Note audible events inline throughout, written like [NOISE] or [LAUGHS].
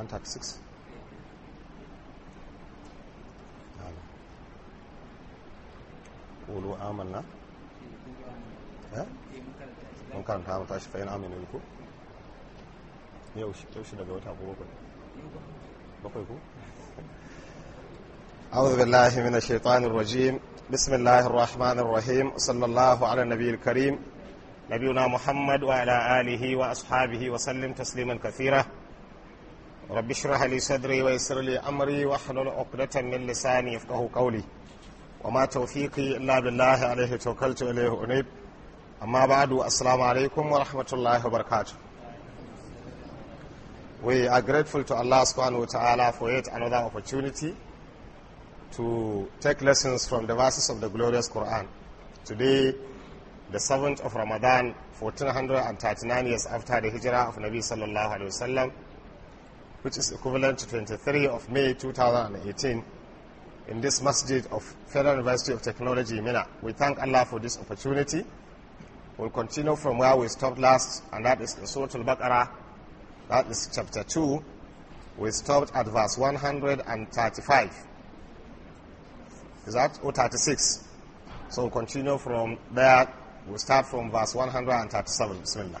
136 قولوا آمنا ها karanta mu tashi fa'in aminu ko yau shi daga wata ko bakwai bakwai ko أعوذ بالله من الشيطان الرجيم بسم الله الرحمن الرحيم صلى الله على النبي الكريم نبينا محمد وعلى آله وأصحابه وسلم تسليما كثيرا rabbi shirah li sadri wa yassir li amri wa hlul uqdatan min lisani yafqahu qawli wa ma tawfiqi illa billahi alayhi tawakkaltu ilayhi unib amma ba'du assalamu alaikum wa rahmatullahi wa barakatuh we are grateful to Allah subhanahu wa ta'ala for yet another opportunity to take lessons from the verses of the glorious Quran today the 7th of Ramadan 1439 years after the hijrah of Nabi sallallahu alaihi wasallam which is equivalent to 23 of May 2018 in this masjid of Federal University of Technology, MENA. We thank Allah for this opportunity. We'll continue from where we stopped last, and that is the Surah Al-Baqarah, that is chapter 2. We stopped at verse 135. Is that? Or 36. So we'll continue from there. We'll start from verse 137. Bismillah.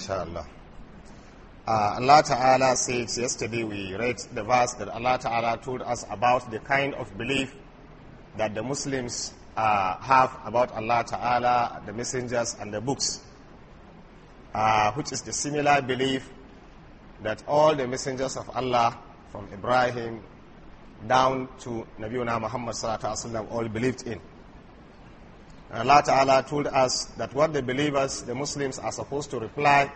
inshallah. Uh, Allah Ta'ala says, yesterday we read the verse that Allah Ta'ala told us about the kind of belief that the Muslims uh, have about Allah Ta'ala, the messengers and the books, uh, which is the similar belief that all the messengers of Allah from Ibrahim down to Nabiuna Muhammad Sallallahu Alaihi Wasallam all believed in. Allah Ta'ala told us that what the believers, the Muslims, are supposed to reply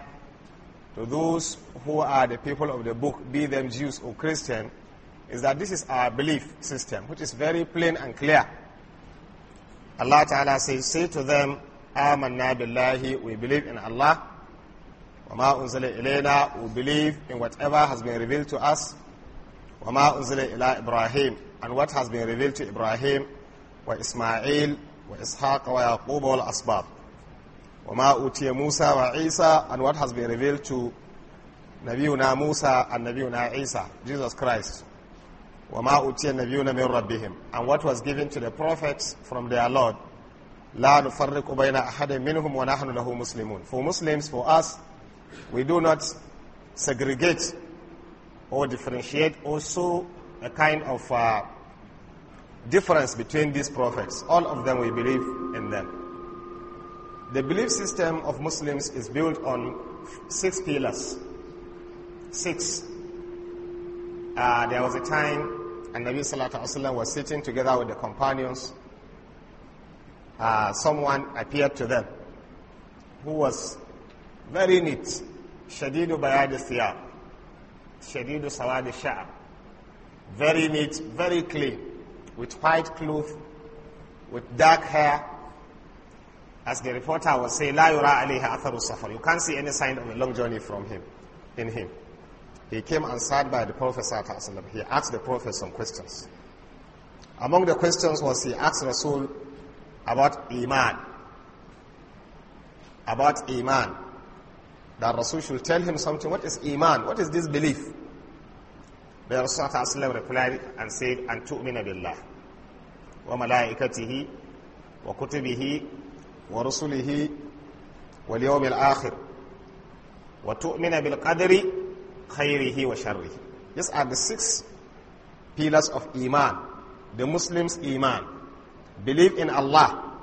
to those who are the people of the book, be them Jews or Christian, is that this is our belief system, which is very plain and clear. Allah Ta'ala says, say to them, Amanna billahi, we believe in Allah. Wama ilayna, we believe in whatever has been revealed to us. Wama unzila ila Ibrahim, and what has been revealed to Ibrahim, wa Ismail, وإسحاق ويعقوب والأسباط وما أوتي موسى وعيسى and what has been revealed to نبينا موسى and نبينا عيسى Jesus Christ وما أوتي النبيون من ربهم and what was given to the prophets from their Lord لا نفرق بين أحد منهم ونحن له مسلمون for Muslims for us we do not segregate or differentiate also a kind of uh, difference between these prophets. All of them, we believe in them. The belief system of Muslims is built on six pillars. Six. Uh, there was a time and Nabi Sallallahu Alaihi was sitting together with the companions. Uh, someone appeared to them who was very neat. Shadidu bayad siyab. Shadidu Sawadi sha'ab. Very neat, very clean with white cloth, with dark hair. As the reporter was saying, La yura alayha atharu safar. You can't see any sign of a long journey from him, in him. He came and sat by the Prophet He asked the Prophet some questions. Among the questions was he asked Rasul about Iman. About Iman. That Rasul should tell him something. What is Iman? What is this belief? The Rasul replied and said, And tu'mina billah. Wa malaikatihi wa kutubihi wa rusulihi wal al akhir. Wa tu'mina bil qadri khairihi wa sharrihi. These are the six pillars of Iman. The Muslim's Iman. Believe in Allah.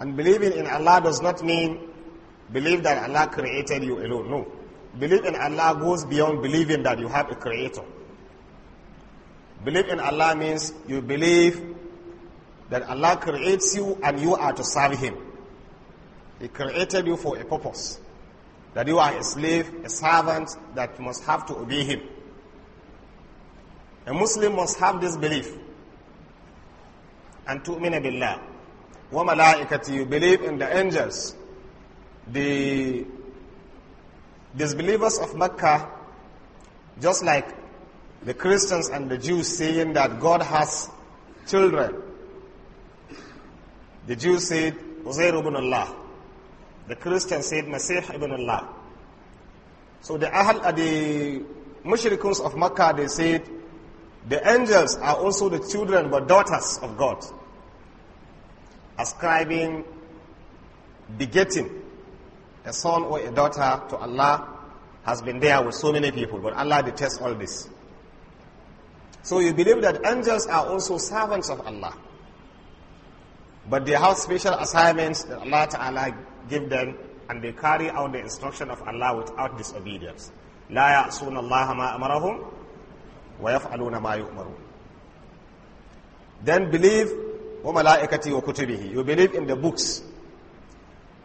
And believing in Allah does not mean believe that Allah created you alone. No. Belief in Allah goes beyond believing that you have a creator. Belief in Allah means you believe that Allah creates you and you are to serve Him. He created you for a purpose. That you are a slave, a servant that must have to obey Him. A Muslim must have this belief. And tu'mina billah. Wa malaikati, you believe in the angels, the disbelievers of Mecca, just like the Christians and the Jews saying that God has children. The Jews said Uzair ibn Allah. The Christians said Masih ibn Allah. So the Ahl, uh, the Mushrikuns of Makkah, they said the angels are also the children but daughters of God, ascribing begetting a son or a daughter to Allah has been there with so many people, but Allah detests all this. So you believe that angels are also servants of Allah. But they have special assignments that Allah Ta'ala give them and they carry out the instruction of Allah without disobedience. لا يعصون الله ما أمرهم ويفعلون ما يؤمرون. Then believe وملائكته وكتبه. You believe in the books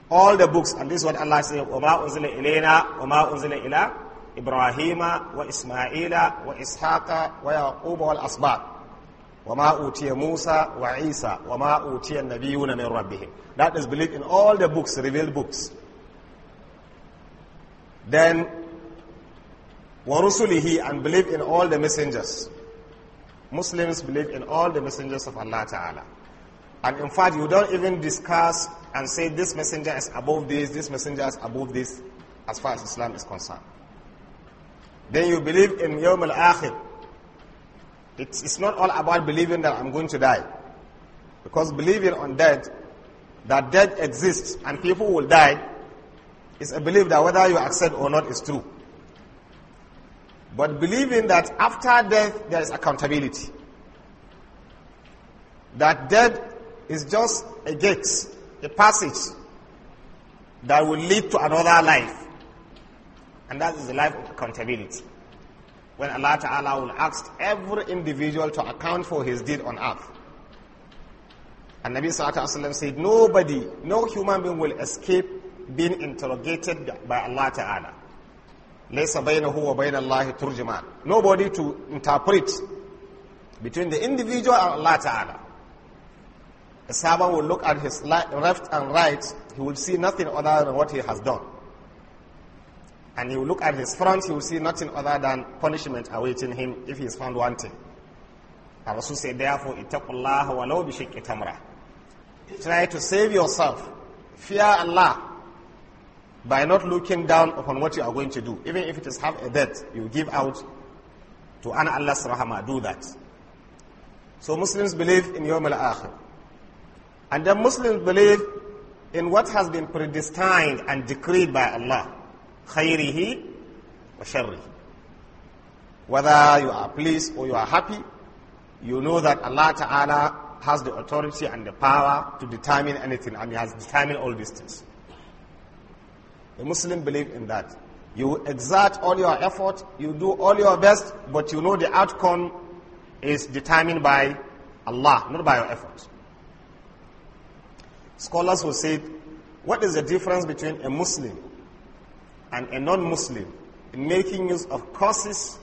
all the books, and this is what Allah says, وَمَا أُنزِلَ إِلَيْنَا وَمَا أُنزِلَ إِلَىٰ إِبْرَاهِيمَ وَإِسْمَاعِيلَ وَإِسْحَاقَ وَيَعْقُوبَ وَالْأَسْبَاطِ وَمَا أُوتِيَ مُوسَى وَعِيسَى وَمَا أُوتِيَ النَّبِيُّونَ مِنْ رَبِّهِمْ That is believed in all the books, revealed books. Then, وَرُسُلِهِ And believe in all the messengers. Muslims believe in all the messengers of Allah Ta'ala. And in fact, you don't even discuss and say this messenger is above this, this messenger is above this, as far as Islam is concerned. Then you believe in Yawm al-Akhir. It's, it's not all about believing that I'm going to die. Because believing on death, that death exists and people will die, is a belief that whether you accept or not is true. But believing that after death there is accountability. That death is just a gate, a passage that will lead to another life. And that is the life of accountability. When Allah Ta'ala will ask every individual to account for his deed on earth. And Nabi Sallallahu Alaihi Wasallam said, nobody, no human being will escape being interrogated by Allah Ta'ala. لَيْسَ بَيْنَهُ وَبَيْنَ اللَّهِ تُرْجِمَانِ Nobody to interpret between the individual and Allah Ta'ala. A servant will look at his left and right, he will see nothing other than what he has done. And he will look at his front, he will see nothing other than punishment awaiting him if he is found wanting. And Rasul said, therefore, ittaqullah walau bishikki tamra. Try to save yourself. Fear Allah by not looking down upon what you are going to do. Even if it is half a debt, you give out to an Allah's Do that. So Muslims believe in Yawm al-Akhir. And the Muslims believe in what has been predestined and decreed by Allah. Khairihi wa sharrihi. Whether you are pleased or you are happy, you know that Allah Ta'ala has the authority and the power to determine anything and He has determined all these things. The Muslim believe in that. You exert all your effort, you do all your best, but you know the outcome is determined by Allah, not by your efforts. Scholars will say, what is the difference between a Muslim and a non-Muslim in making use of causes,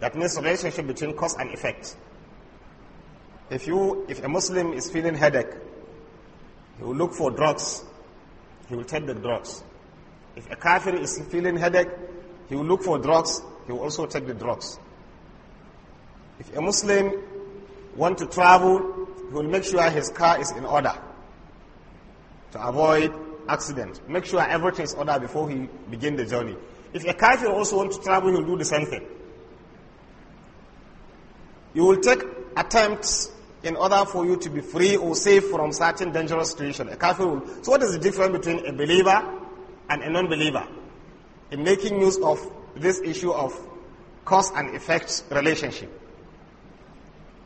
that means relationship between cause and effect. If you, if a Muslim is feeling headache, he will look for drugs, he will take the drugs. If a kafir is feeling headache, he will look for drugs, he will also take the drugs. If a Muslim want to travel, he will make sure his car is in order to avoid accident. Make sure everything is ordered before he begin the journey. If a kafir also wants to travel, he'll do the same thing. You will take attempts in order for you to be free or safe from certain dangerous situation. A kafir will. So what is the difference between a believer and a non-believer? In making use of this issue of cause and effect relationship.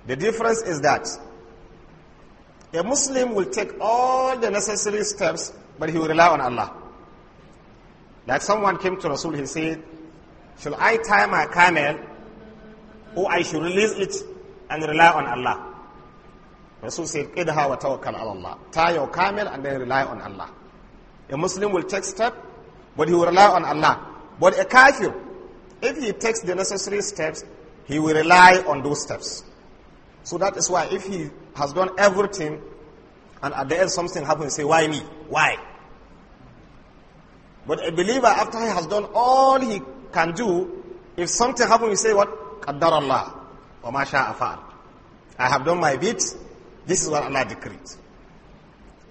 The difference is that a Muslim will take all the necessary steps, but he will rely on Allah. Like someone came to Rasul, he said, Should I tie my camel or oh, I should release it and rely on Allah? Rasul said, Idha wa tawakkal ala Allah. Tie your camel and then rely on Allah. A Muslim will take step, but he will rely on Allah. But a kafir, if he takes the necessary steps, he will rely on those steps. So that is why if he has done everything, and at the end something happens, say, why me? Why? But a believer, after he has done all he can do, if something happens, you say, what? Qaddar Allah. Wa ma afar. I have done my bit. This is what Allah decreed.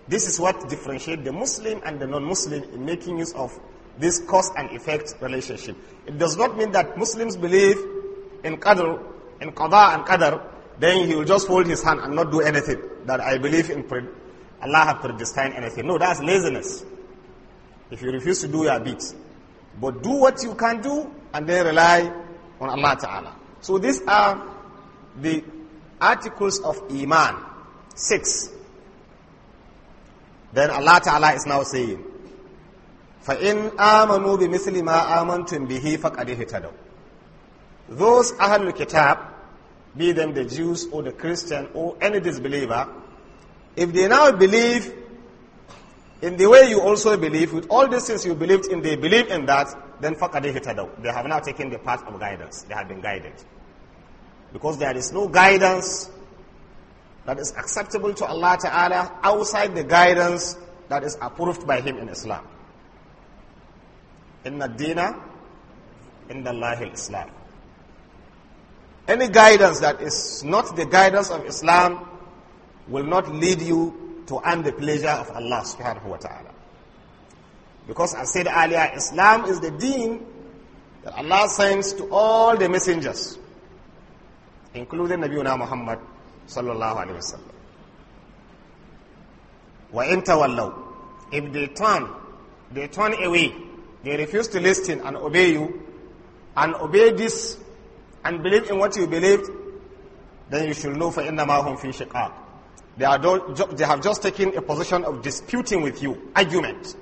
This is what differentiates the Muslim and the non-Muslim in making use of this cause and effect relationship. It does not mean that Muslims believe in qadr, in qada and Qadr, then he will just hold his hand and not do anything that I believe in Allah has predestined anything. No, that's laziness. If you refuse to do your bit, but do what you can do and then rely on Allah Ta'ala. So these are the articles of Iman. Six. Then Allah Ta'ala is now saying, فَإِنْ آمَنُوا بِمِثْلِ مَا آمَنْتُمْ بِهِ فَقَدِ هِتَدَوْا Those Ahlul Kitab be them the Jews or the Christian or any disbeliever, if they now believe in the way you also believe, with all these things you believed in, they believe in that, then they have now taken the path of guidance. They have been guided. Because there is no guidance that is acceptable to Allah Ta'ala outside the guidance that is approved by Him in Islam. In Medina, in the Lahil Islam. Any guidance that is not the guidance of Islam will not lead you to earn the pleasure of Allah subhanahu wa ta'ala. Because I said earlier, Islam is the deen that Allah sends to all the messengers, including Nabiuna Muhammad sallallahu alayhi wa sallam. وَإِن تَوَلَّوْا If they turn, they turn away, they refuse to listen and obey you, and obey this and believe in what you believed, then you should know For هُمْ فِي شِقَاقٍ they, are do, they have just taken a position of disputing with you, argument.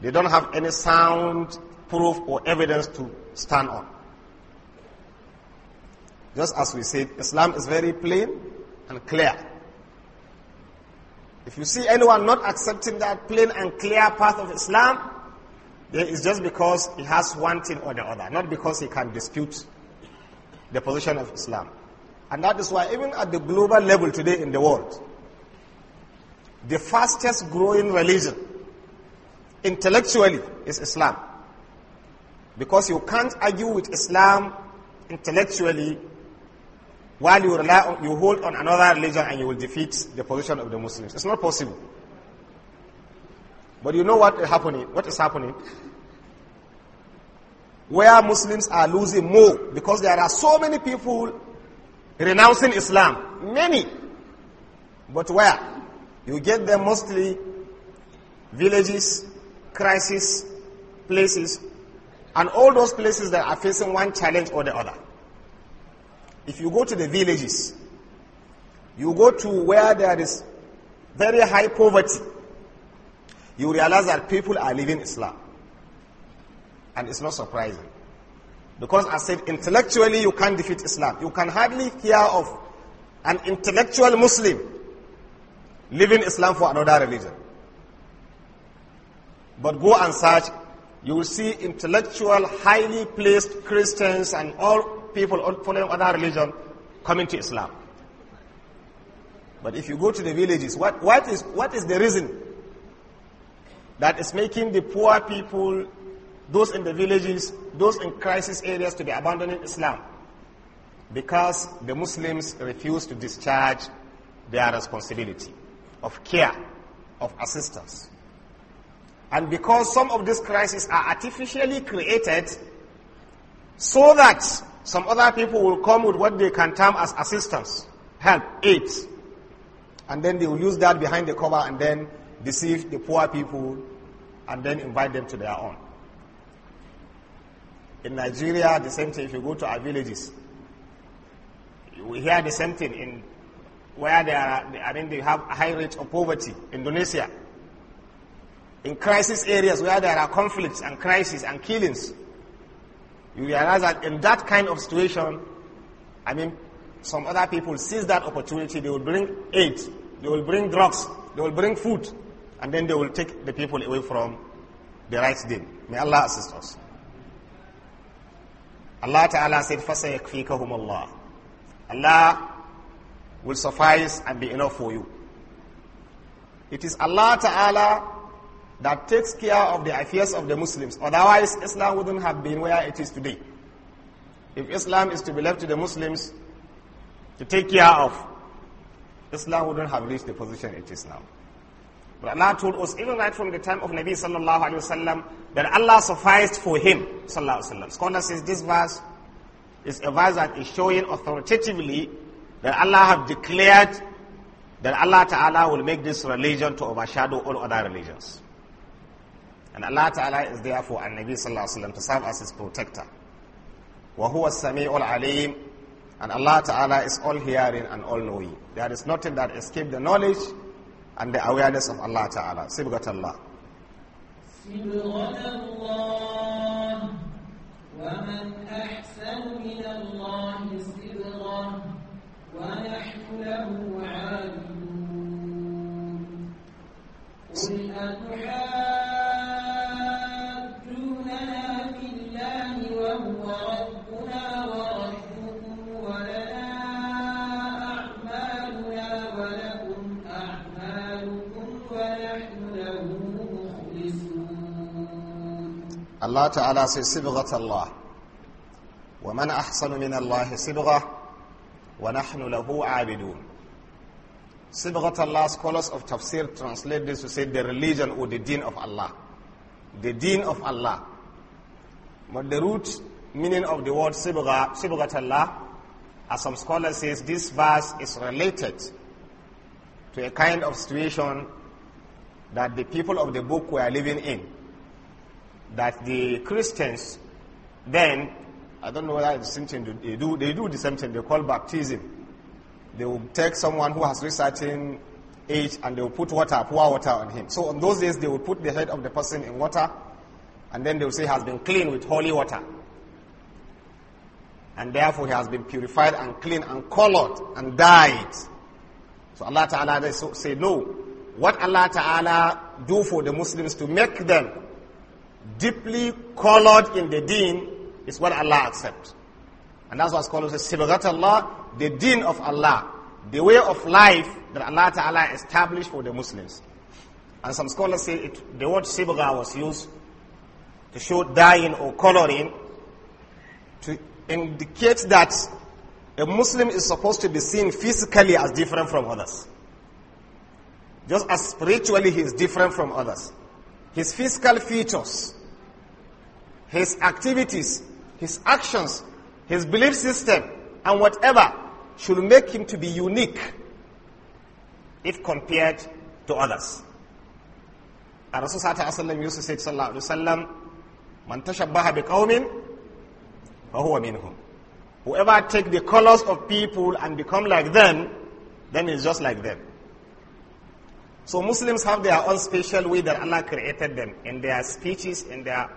They don't have any sound proof or evidence to stand on. Just as we said, Islam is very plain and clear. If you see anyone not accepting that plain and clear path of Islam, it's just because he has one thing or the other, not because he can dispute the position of Islam. And that is why even at the global level today in the world, the fastest growing religion intellectually is Islam. Because you can't argue with Islam intellectually while you rely on, you hold on another religion and you will defeat the position of the Muslims. It's not possible. But you know what is happening? What is happening? where Muslims are losing more because there are so many people renouncing Islam. Many. But where? You get them mostly villages, crisis, places, and all those places that are facing one challenge or the other. If you go to the villages, you go to where there is very high poverty, you realize that people are living Islam. And it's not surprising. Because I said, intellectually, you can't defeat Islam. You can hardly hear of an intellectual Muslim leaving Islam for another religion. But go and search, you will see intellectual, highly placed Christians and all people following other religion coming to Islam. But if you go to the villages, what, what, is, what is the reason that is making the poor people those in the villages, those in crisis areas to be abandoning Islam because the Muslims refuse to discharge their responsibility of care, of assistance. And because some of these crises are artificially created so that some other people will come with what they can term as assistance, help, aid. And then they will use that behind the cover and then deceive the poor people and then invite them to their own. In Nigeria, the same thing. If you go to our villages, we hear the same thing in where there are, I mean, they have high rate of poverty. Indonesia, in crisis areas where there are conflicts and crises and killings, you realize that in that kind of situation, I mean, some other people seize that opportunity. They will bring aid, they will bring drugs, they will bring food, and then they will take the people away from the right thing. May Allah assist us. Allah Ta'ala said, فَسَيَكْفِيكَهُمُ Allah. Allah will suffice and be enough for you. It is Allah Ta'ala that takes care of the affairs of the Muslims. Otherwise, Islam wouldn't have been where it is today. If Islam is to be left to the Muslims to take care of, Islam wouldn't have reached the position it is now. Allah told us even right from the time of Nabi sallallahu alaihi wasallam that Allah sufficed for him sallallahu alaihi wasallam. Scholar says this verse is a verse that is showing authoritatively that Allah have declared that Allah Ta'ala will make this religion to overshadow all other religions. And Allah Ta'ala is therefore an Nabi Sallallahu Alaihi Wasallam to serve as his protector. وَهُوَ السَّمِيعُ الْعَلِيمُ And Allah Ta'ala is all hearing and all knowing. There is nothing that escapes the knowledge and the awareness of Allah Ta'ala. Sibghat Allah. wa ta'ala says, وَمَنْ أَحْسَنُ مِنَ اللَّهِ سِبْغَةً وَنَحْنُ لَهُ عَابِدُونَ Sibghat الله. scholars of tafsir translate this to say the religion or the deen of Allah. The deen of Allah. But the root meaning of the word Sibghat, Sibghat as some scholars say, this verse is related to a kind of situation that the people of the book were living in that the Christians then, I don't know whether it's the same thing they do, they do the same thing, they call baptism. They will take someone who has reached certain age and they will put water, pour water on him. So on those days, they will put the head of the person in water and then they will say has been clean with holy water. And therefore he has been purified and clean and colored and dyed. So Allah Ta'ala said, no. What Allah Ta'ala do for the Muslims to make them deeply colored in the deen is what Allah accepts. And that's what scholars say, Sibaghat Allah, the deen of Allah, the way of life that Allah Ta'ala established for the Muslims. And some scholars say it, the word Sibagha was used to show dyeing or coloring to indicate that a Muslim is supposed to be seen physically as different from others. Just as spiritually he is different from others. His physical features his activities, his actions, his belief system, and whatever should make him to be unique if compared to others. And Rasulullah used to say, Sallallahu Alaihi Wasallam, Man tashabbaha biqawmin, fahuwa minhum. Whoever take the colors of people and become like them, then is just like them. So Muslims have their own special way that Allah created them in their speeches, in their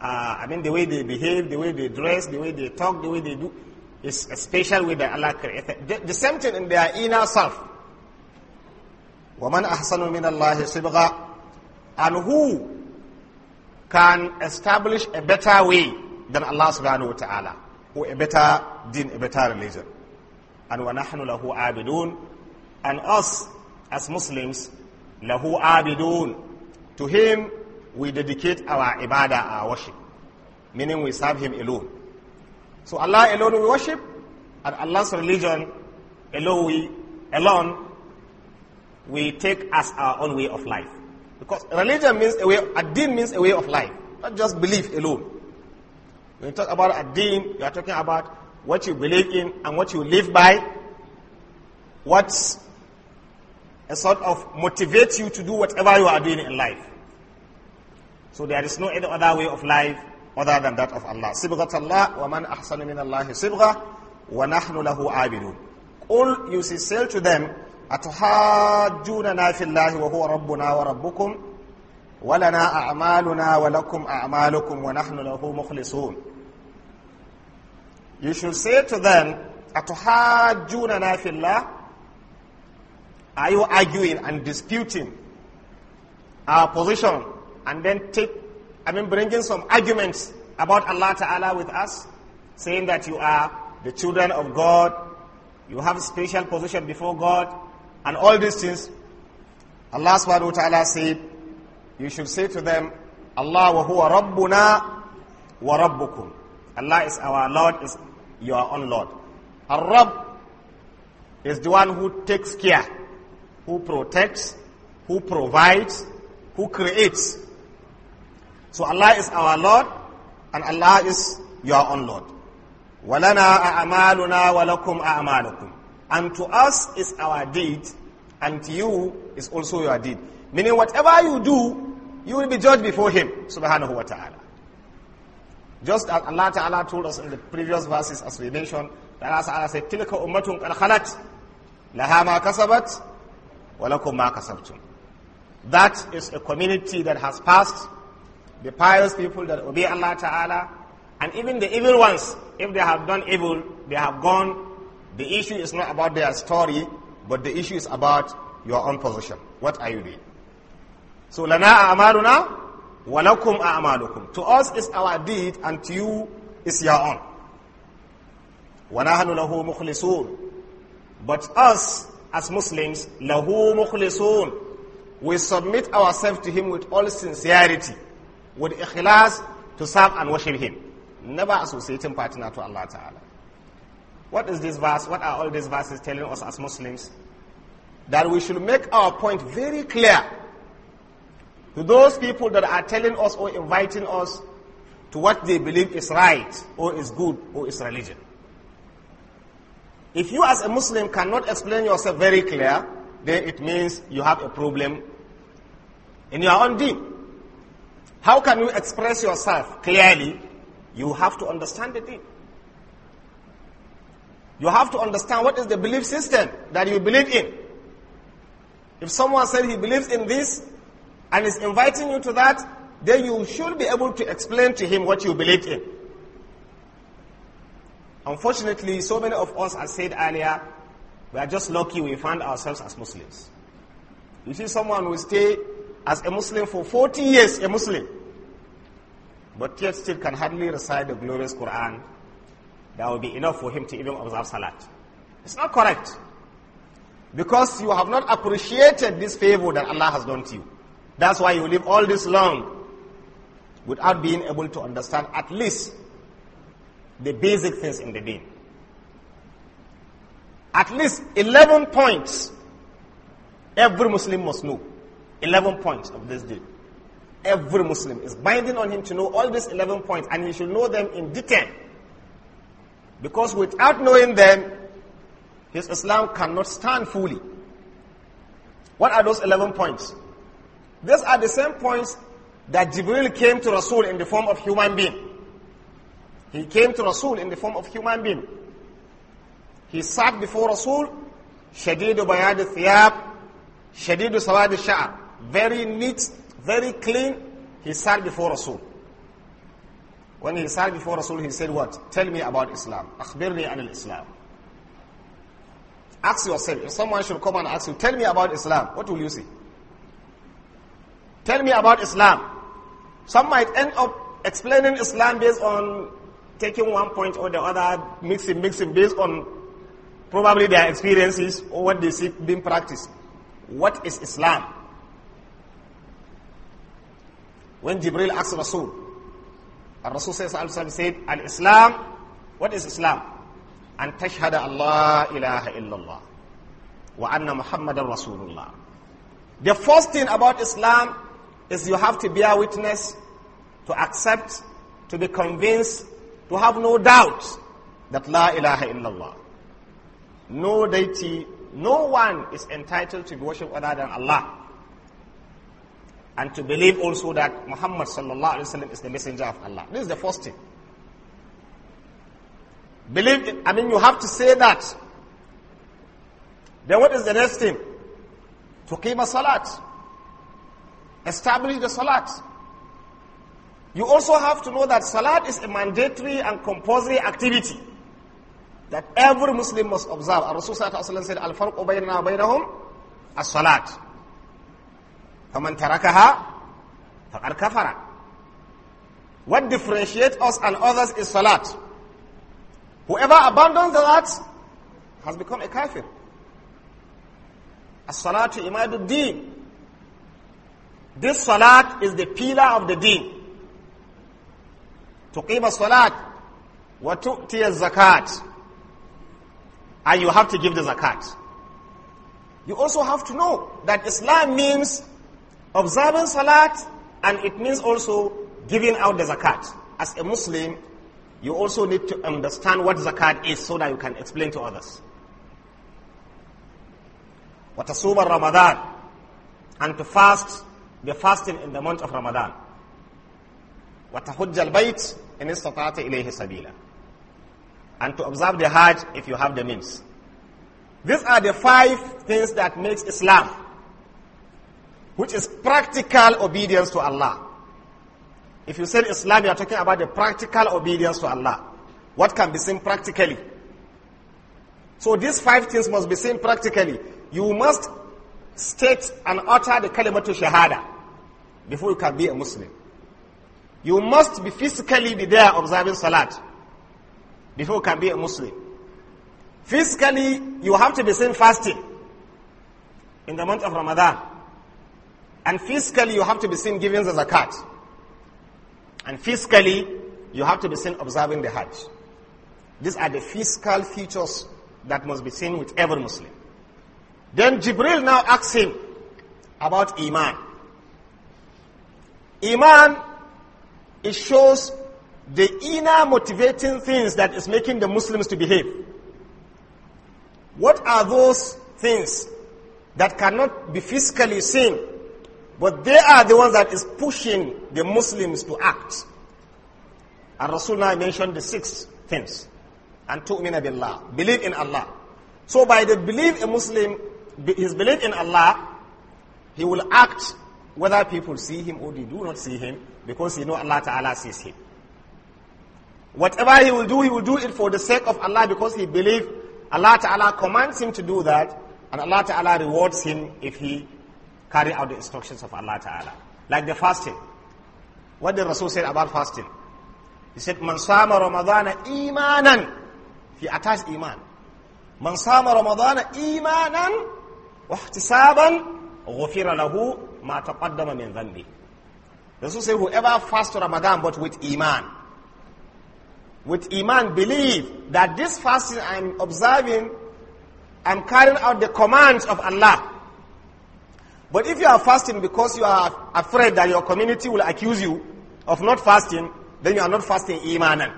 uh, I mean, the way they behave, the way they dress, the way they talk, the way they do, is a special way that Allah created. The, the same thing in their inner self. وَمَنْ أَحْسَنُ مِنَ اللَّهِ صِبْغًا And who can establish a better way than Allah subhanahu wa ta'ala, or a better deen, a better religion. And وَنَحْنُ لَهُ عَابِدُونَ And us, as Muslims, لَهُ عَابِدُونَ To him we dedicate our ibadah, our worship. Meaning we serve Him alone. So Allah alone we worship, and Allah's religion alone we, alone we take as our own way of life. Because religion means a way, a deed means a way of life, not just belief alone. When you talk about a deed, you are talking about what you believe in and what you live by, what a sort of motivates you to do whatever you are doing in life. So there is no any other way of life other than that of Allah. Sibghat صِبْغَةَ اللَّهِ وَمَنْ أَحْسَنُ مِنَ اللَّهِ صِبْغَةً وَنَحْنُ لَهُ عَابِدُونَ All you see, say to them, wa أَتُحَاجُّونَنَا فِي اللَّهِ وَهُوَ رَبُّنَا وَرَبُّكُمْ وَلَنَا أَعْمَالُنَا وَلَكُمْ أَعْمَالُكُمْ وَنَحْنُ لَهُ مُخْلِصُونَ You should say to them, أَتُحَاجُّونَنَا فِي Allah. Are you arguing and disputing our position and then take, I mean, bringing some arguments about Allah Ta'ala with us, saying that you are the children of God, you have special position before God, and all these things. Allah subhanahu wa ta'ala said, you should say to them, Allah wa huwa rabbuna wa rabbukum. Allah is our Lord, is your own Lord. Ar-Rabb is the one who takes care, who protects, who provides, who creates. So Allah is our Lord and Allah is your own Lord. وَلَنَا أَعْمَالُنَا وَلَكُمْ أَعْمَالُكُمْ And to us is our deed and to you is also your deed. Meaning whatever you do, you will be judged before Him, subhanahu wa ta'ala. Just as Allah ta'ala told us in the previous verses as we mentioned, that Allah ta'ala said, تِلْكَ أُمَّةٌ قَدْ لَهَا مَا كَسَبَتْ وَلَكُمْ مَا كَسَبْتُمْ That is a community that has passed the pious people that obey Allah Ta'ala, and even the evil ones, if they have done evil, they have gone. The issue is not about their story, but the issue is about your own position. What are you doing? So, lana a'maluna wa lakum a'malukum. To us is our deed, and to you is your own. Wa nahnu lahu But us, as Muslims, lahu mukhlisun. We submit ourselves to him with all sincerity with ikhlas to serve and worship Him. Never associating partner to Allah Ta'ala. What is this verse? What are all these verses telling us as Muslims? That we should make our point very clear to those people that are telling us or inviting us to what they believe is right or is good or is religion. If you as a Muslim cannot explain yourself very clear, then it means you have a problem in your own deen. How can you express yourself clearly? You have to understand the thing. You have to understand what is the belief system that you believe in. If someone said he believes in this and is inviting you to that, then you should be able to explain to him what you believe in. Unfortunately, so many of us, as said earlier, we are just lucky we find ourselves as Muslims. You see someone will stay as a Muslim for 40 years, a Muslim, but yet still can hardly recite the glorious Quran, that will be enough for him to even observe Salat. It's not correct. Because you have not appreciated this favor that Allah has done to you. That's why you live all this long without being able to understand at least the basic things in the deen. At least 11 points every Muslim must know. 11 points of this deed. Every Muslim is binding on him to know all these 11 points and he should know them in detail. Because without knowing them, his Islam cannot stand fully. What are those 11 points? These are the same points that Jibril came to Rasul in the form of human being. He came to Rasul in the form of human being. He sat before Rasul, Shadidu Bayad Thiyab, Shadidu Sawad Sha'ab very neat, very clean, he sat before Rasul. When he sat before Rasul, he said what? Tell me about Islam. Akhbirni anil Islam. Ask yourself, if someone should come and ask you, tell me about Islam, what will you say? Tell me about Islam. Some might end up explaining Islam based on taking one point or the other, mixing, mixing, based on probably their experiences or what they see being practiced. What is Islam? When Jibril asked Rasul, and Rasul says, said, Al Islam, what is Islam? And tashhada Allah ilaha illallah. Wa anna Muhammadan Rasulullah. The first thing about Islam is you have to bear witness, to accept, to be convinced, to have no doubt that La ilaha illallah. No deity, no one is entitled to worship other than Allah and to believe also that Muhammad sallallahu alaihi wasallam is the messenger of Allah. This is the first thing. Believe, it. I mean, you have to say that. Then what is the next thing? To keep a salat. Establish the salat. You also have to know that salat is a mandatory and compulsory activity that every Muslim must observe. Our Rasul said, Al-Farq as-salat. فمن تركها فقد كفر What differentiates us and others is salat. Whoever abandons salat has become a kafir. as salat imadu deen. This salat is the pillar of the deen. Tuqim as-salat wa tu'ti zakat And you have to give the zakat. You also have to know that Islam means observing salat, and it means also giving out the zakat. As a Muslim, you also need to understand what zakat is so that you can explain to others. وتصوم Ramadan, and to fast, be fasting in the month of Ramadan. وتحج البيت إن استطعت ilayhi sabila and to observe the Hajj if you have the means. These are the five things that makes Islam which is practical obedience to Allah. If you say Islam, you are talking about the practical obedience to Allah. What can be seen practically? So these five things must be seen practically. You must state and utter the to shahada before you can be a Muslim. You must be physically be there observing salat before you can be a Muslim. Physically, you have to be seen fasting in the month of Ramadan. And physically, you have to be seen giving zakat. And physically, you have to be seen observing the Hajj. These are the fiscal features that must be seen with every Muslim. Then Jibril now asks him about Iman. Iman, it shows the inner motivating things that is making the Muslims to behave. What are those things that cannot be physically seen but they are the ones that is pushing the Muslims to act. And Rasulullah mentioned the six things. And tu'mina billah. Believe in Allah. So by the belief a Muslim, his belief in Allah, he will act whether people see him or they do not see him because he know Allah Ta'ala sees him. Whatever he will do, he will do it for the sake of Allah because he believes Allah Ta'ala commands him to do that and Allah Ta'ala rewards him if he carry out the instructions of Allah Ta'ala. Like the fasting. What did Rasul said about fasting? He said, Man sama Ramadana imanan. He attached iman. Man sama Ramadana imanan wahtisaban ghufira lahu ma taqaddama min dhanbi. Rasul said, whoever fasts Ramadan but with iman, with iman believe that this fasting I'm observing, I'm carrying out the commands of Allah. But if you are fasting because you are afraid that your community will accuse you of not fasting, then you are not fasting imanan.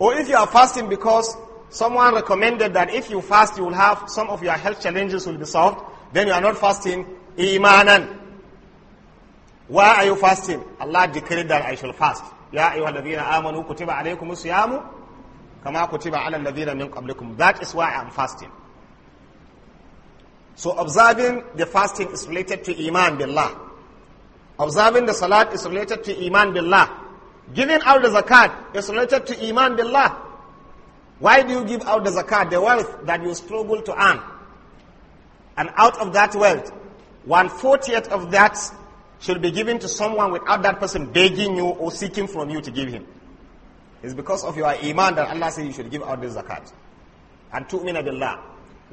Or if you are fasting because someone recommended that if you fast, you will have some of your health challenges will be solved, then you are not fasting imanan. Why are you fasting? Allah decreed that I shall fast. Ya amanu kutiba alaykumus siyamu kama kutiba ala alladhina min qablikum. That is why I am fasting. So observing the fasting is related to Iman Billah. Observing the Salat is related to Iman Billah. Giving out the Zakat is related to Iman Billah. Why do you give out the Zakat, the wealth that you struggle to earn? And out of that wealth, one fortieth of that should be given to someone without that person begging you or seeking from you to give him. It's because of your iman that Allah says you should give out this zakat. And tu'mina billah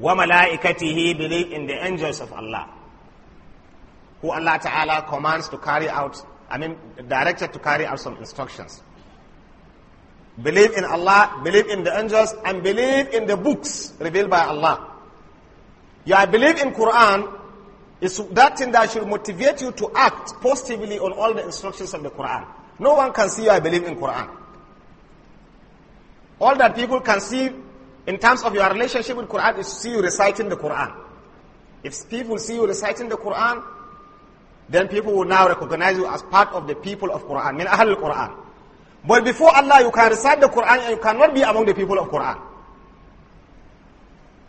wa malaikatihi believe in the angels of Allah, who Allah Ta'ala commands to carry out, I mean, directed to carry out some instructions. Believe in Allah, believe in the angels, and believe in the books revealed by Allah. You, yeah, believe in Quran is that thing that should motivate you to act positively on all the instructions of the Quran. No one can see I believe in Quran. All that people can see in terms of your relationship with Quran, is see you reciting the Quran. If people see you reciting the Quran, then people will now recognize you as part of the people of Quran, min ahl Quran. But before Allah, you can recite the Quran and you cannot be among the people of Quran.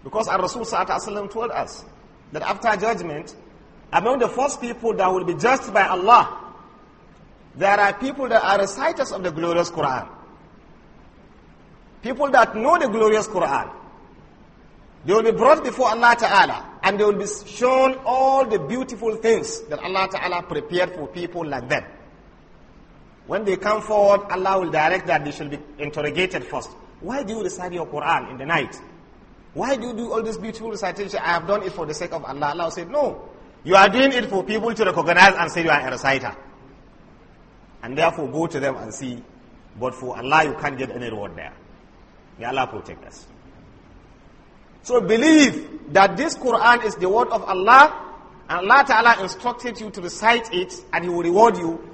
Because our Rasul Sallallahu told us that after judgment, among the first people that will be judged by Allah, there are people that are reciters of the glorious Quran. People that know the glorious Quran, they will be brought before Allah Ta'ala and they will be shown all the beautiful things that Allah Ta'ala prepared for people like them. When they come forward, Allah will direct that they shall be interrogated first. Why do you recite your Quran in the night? Why do you do all this beautiful recitation? I have done it for the sake of Allah. Allah said, no. You are doing it for people to recognize and say you are a reciter. And therefore go to them and see. But for Allah, you can't get any reward there. May Allah protect us. So believe that this Quran is the word of Allah and Allah Ta'ala instructed you to recite it and He will reward you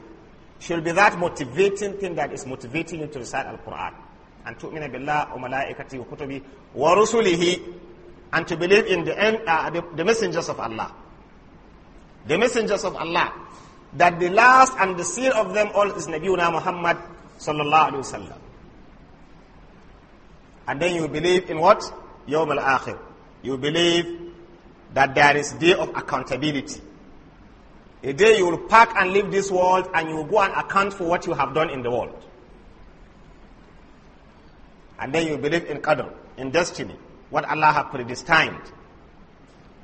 shall be that motivating thing that is motivating you to recite Al-Quran. And to billah wa and to believe in the, end, uh, the, the messengers of Allah. The messengers of Allah. That the last and the seal of them all is Nabiuna Muhammad sallallahu alayhi wa sallam. And then you believe in what? Yawm al-akhir. You believe that there is day of accountability. A day you will pack and leave this world and you will go and account for what you have done in the world. And then you believe in Qadr, in destiny, what Allah has predestined.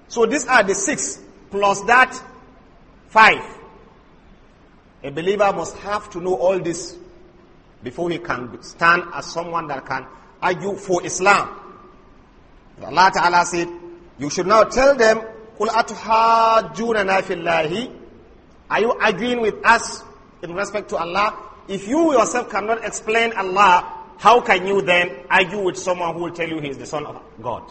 So these are the six plus that five. A believer must have to know all this before he can stand as someone that can argue for Islam. Allah Ta'ala said, you should now tell them, قُلْ أَتُحَاجُّونَنَا فِي اللَّهِ Are you agreeing with us in respect to Allah? If you yourself cannot explain Allah, how can you then argue with someone who will tell you he is the son of God?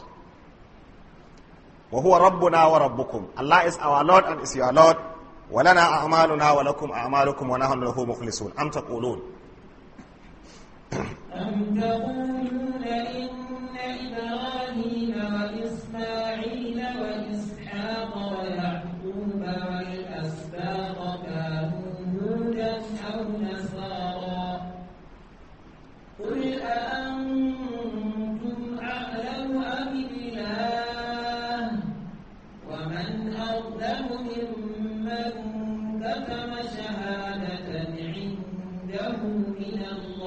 وَهُوَ رَبُّنَا وَرَبُّكُمْ Allah is our Lord and is your Lord. وَلَنَا أَعْمَالُنَا وَلَكُمْ أَعْمَالُكُمْ وَنَحْنُ لَهُ مُخْلِصُونَ أَمْ تَقُولُونَ أم تقولون إن إبراهيم وإسماعيل وإسحاق ويعقوب والأسباط قل أأنتم أعلم أم ومن أظلم ممن شهادة عنده من الله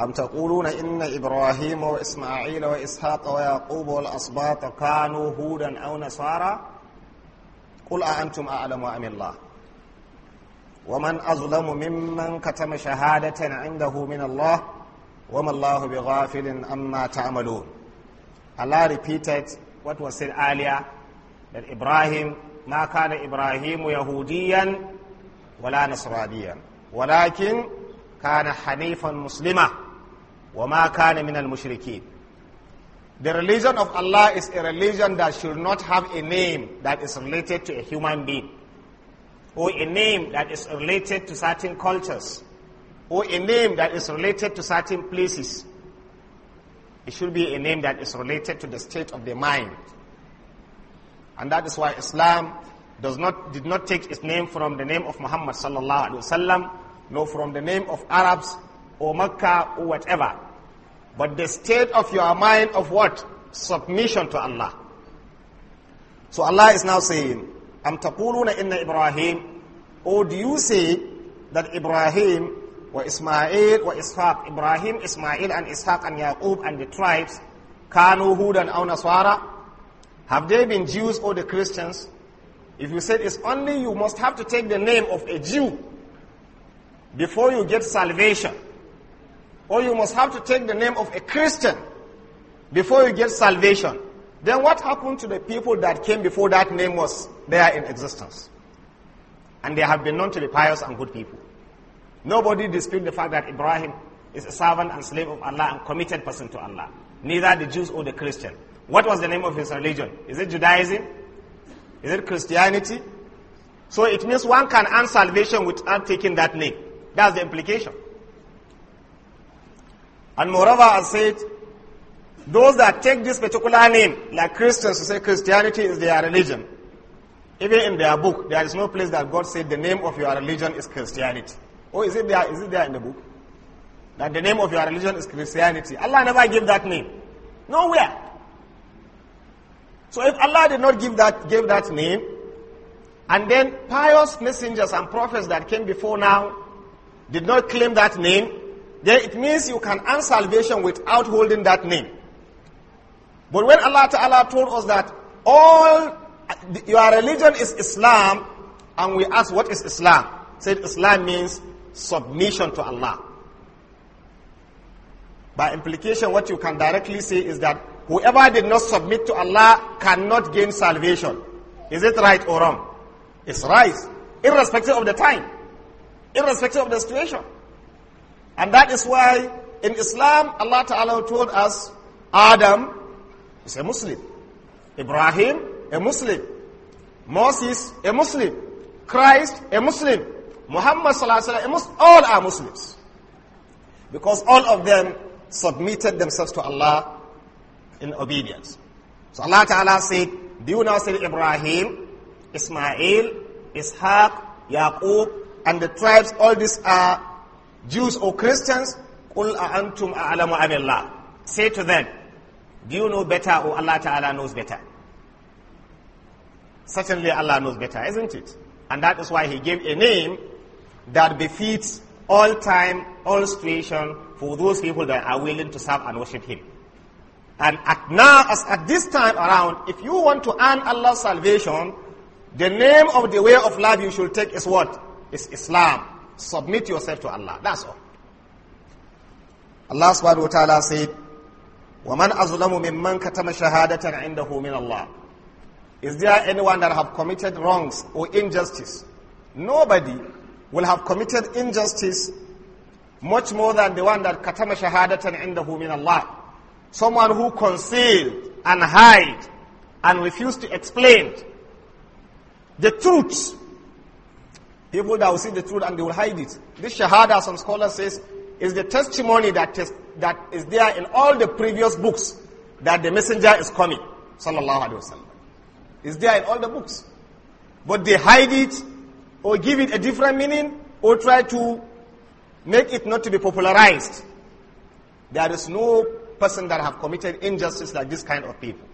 أم تقولون إن إبراهيم وإسماعيل وإسحاق ويعقوب والأسباط كانوا هودا أو نصارى قل أأنتم أعلم أم الله ومن أظلم ممن كتم شهادة عنده من الله وما الله بغافل أما تعملون Allah repeated what was said earlier that Ibrahim ما كان إبراهيم يهوديا ولا نصرانيا ولكن كان حنيفا مسلما وَمَا كَانَ مِنَ الْمُشْرِكِينَ The religion of Allah is a religion that should not have a name that is related to a human being, or a name that is related to certain cultures, or a name that is related to certain places. It should be a name that is related to the state of the mind. And that is why Islam does not, did not take its name from the name of Muhammad sallallahu alaihi wasallam, nor from the name of Arabs or Mecca or whatever but the state of your mind of what? Submission to Allah. So Allah is now saying, Am taquluna inna Ibrahim, or do you say that Ibrahim wa Ismail wa Ishaq, Ibrahim, Ismail and Ishaq and Yaqub and the tribes, Kanu, Hud and Aunaswara, have they been Jews or the Christians? If you said it's only you must have to take the name of a Jew before you get salvation or you must have to take the name of a Christian before you get salvation. Then what happened to the people that came before that name was there in existence? And they have been known to be pious and good people. Nobody disputes the fact that Ibrahim is a servant and slave of Allah and committed person to Allah. Neither the Jews or the Christian. What was the name of his religion? Is it Judaism? Is it Christianity? So it means one can earn salvation without taking that name. That's the implication. And moreover, I said, those that take this particular name, like Christians who say Christianity is their religion, even in their book, there is no place that God said the name of your religion is Christianity. Or oh, is it there? Is it there in the book? That the name of your religion is Christianity. Allah never gave that name. Nowhere. So if Allah did not give that, gave that name, and then pious messengers and prophets that came before now did not claim that name, then it means you can earn salvation without holding that name. But when Allah Ta'ala told us that all your religion is Islam, and we ask what is Islam? Said Islam means submission to Allah. By implication, what you can directly say is that whoever did not submit to Allah cannot gain salvation. Is it right or wrong? It's right, irrespective of the time, irrespective of the situation. And that is why in Islam, Allah Ta'ala told us Adam is a Muslim, Ibrahim, a Muslim, Moses, a Muslim, Christ, a Muslim, Muhammad, a Muslim. all are Muslims. Because all of them submitted themselves to Allah in obedience. So Allah Ta'ala said, Do you now say Ibrahim, Ismail, Ishaq, Yaqub, and the tribes, all these are Jews or Christians, قُلْ أَأَنْتُمْ أَعْلَمُ عَنِ اللَّهِ Say to them, do you know better or Allah Ta'ala knows better? Certainly Allah knows better, isn't it? And that is why he gave a name that befits all time, all situation for those people that are willing to serve and worship him. And at now, as at this time around, if you want to earn Allah's salvation, the name of the way of life you should take is what? Is Islam. Submit yourself to Allah. That's all. Allah subhanahu wa ta'ala said, وَمَنْ أَظْلَمُ مِمَّنْ كَتَمَ شَهَادَةً عِنْدَهُ مِنَ اللَّهِ Is there anyone that have committed wrongs or injustice? Nobody will have committed injustice much more than the one that katama shahadatan indahu min Allah. Someone who concealed and hide and refused to explain the truth People that will see the truth and they will hide it. This shahada, some scholars says, is the testimony that, that is there in all the previous books that the messenger is coming. Sallallahu alayhi wasallam. Is there in all the books. But they hide it or give it a different meaning or try to make it not to be popularized. There is no person that have committed injustice like this kind of people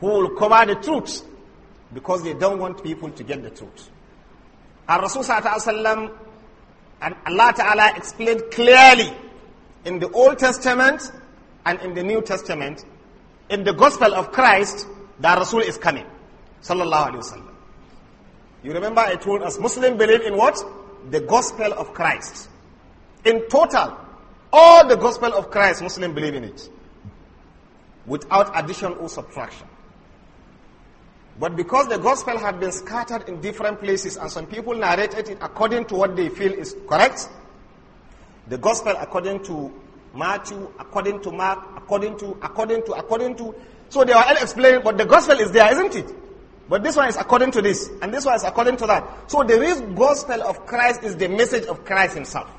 who will cover the truth because they don't want people to get the truth. And Rasul Sallallahu and Allah Ta'ala explained clearly in the Old Testament and in the New Testament, in the gospel of Christ, that Rasul is coming. Sallallahu Alaihi Wasallam. You remember I told us Muslims believe in what? The gospel of Christ. In total, all the gospel of Christ, Muslims believe in it. Without addition or subtraction. But because the gospel had been scattered in different places and some people narrated it according to what they feel is correct, the gospel according to Matthew, according to Mark, according to, according to, according to. So they were all explaining, but the gospel is there, isn't it? But this one is according to this, and this one is according to that. So the real gospel of Christ is the message of Christ himself.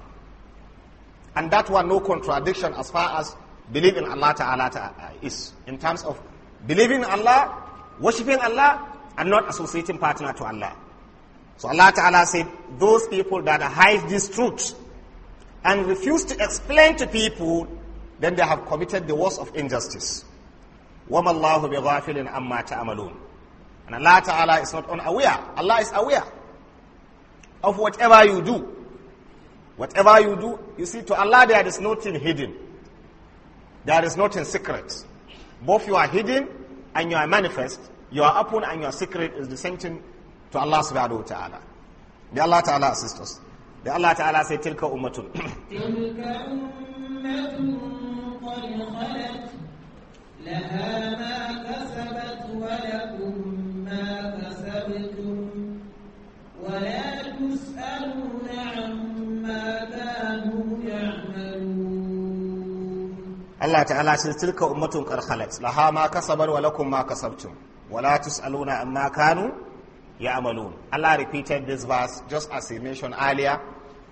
And that one, no contradiction as far as believing Allah Ta'ala is. In terms of believing Allah worshipping Allah and not associating partner to Allah. So Allah Ta'ala said, those people that hide this truth and refuse to explain to people, then they have committed the worst of injustice. وَمَا اللَّهُ بِغَافِلٍ أَمَّا تَعْمَلُونَ And Allah Ta'ala is not unaware. Allah is aware of whatever you do. Whatever you do, you see, to Allah there is nothing hidden. There is nothing secret. Both you are hidden and your manifest, your open and your secret is the same thing to Allah subhanahu wa ta'ala. The Allah ta'ala assist us. May Allah ta'ala say, Tilka ummatun. Tilka ummatun qad khalat. Laha Allah ta'ala ce tilka ummatun qad laha ma kasabat wa lakum ma kasabtum wa tusaluna amma kanu ya'malun Allah repeated this verse just as he mentioned earlier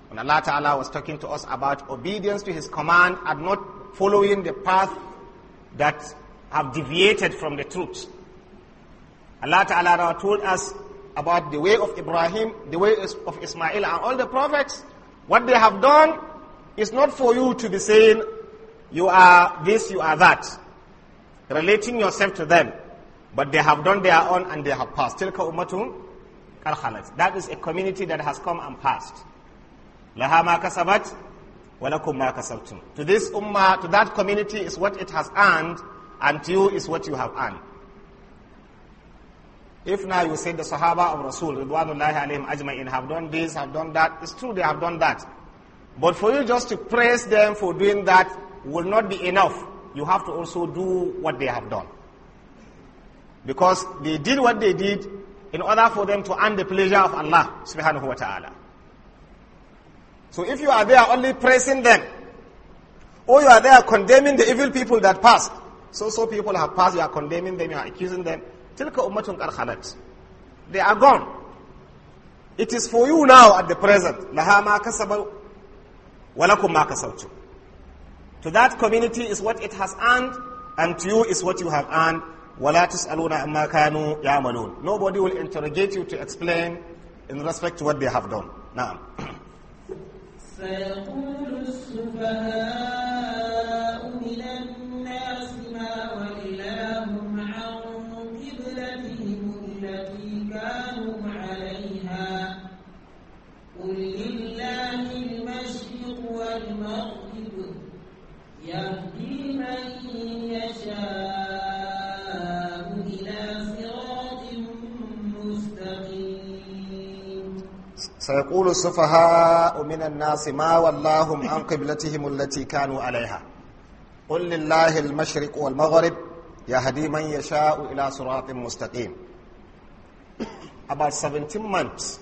when Allah ta'ala was talking to us about obedience to his command and not following the path that have deviated from the truth Allah ta'ala told us about the way of Ibrahim, the way of Ismail and all the prophets. What they have done is not for you to be saying, you are this, you are that. Relating yourself to them. But they have done their own and they have passed. That is a community that has come and passed. To this ummah, to that community is what it has earned and to you is what you have earned. If now you say the Sahaba of Rasul, Ridwanullahi alayhim ajma'in, have done this, have done that, it's true they have done that. But for you just to praise them for doing that, will not be enough. You have to also do what they have done. Because they did what they did in order for them to earn the pleasure of Allah subhanahu wa ta'ala. So if you are there only praising them, or you are there condemning the evil people that passed, so so people have passed, you are condemning them, you are accusing them. Tilka ummatun khalat. They are gone. It is for you now at the present. Laha ma kasabu walakum ma to that community is what it has earned, and to you is what you have earned. وَلَا تُسْأَلُونَ عَمَّا كَانُوا يَعْمَلُونَ Nobody will interrogate you to explain in respect to what they have done. Now. سيقول السفهاء من الناس ما ولاهم عن قبلتهم التي كانوا عليها قل لله المشرق والمغرب يهدي من يشاء إلى صراط مستقيم About 17 months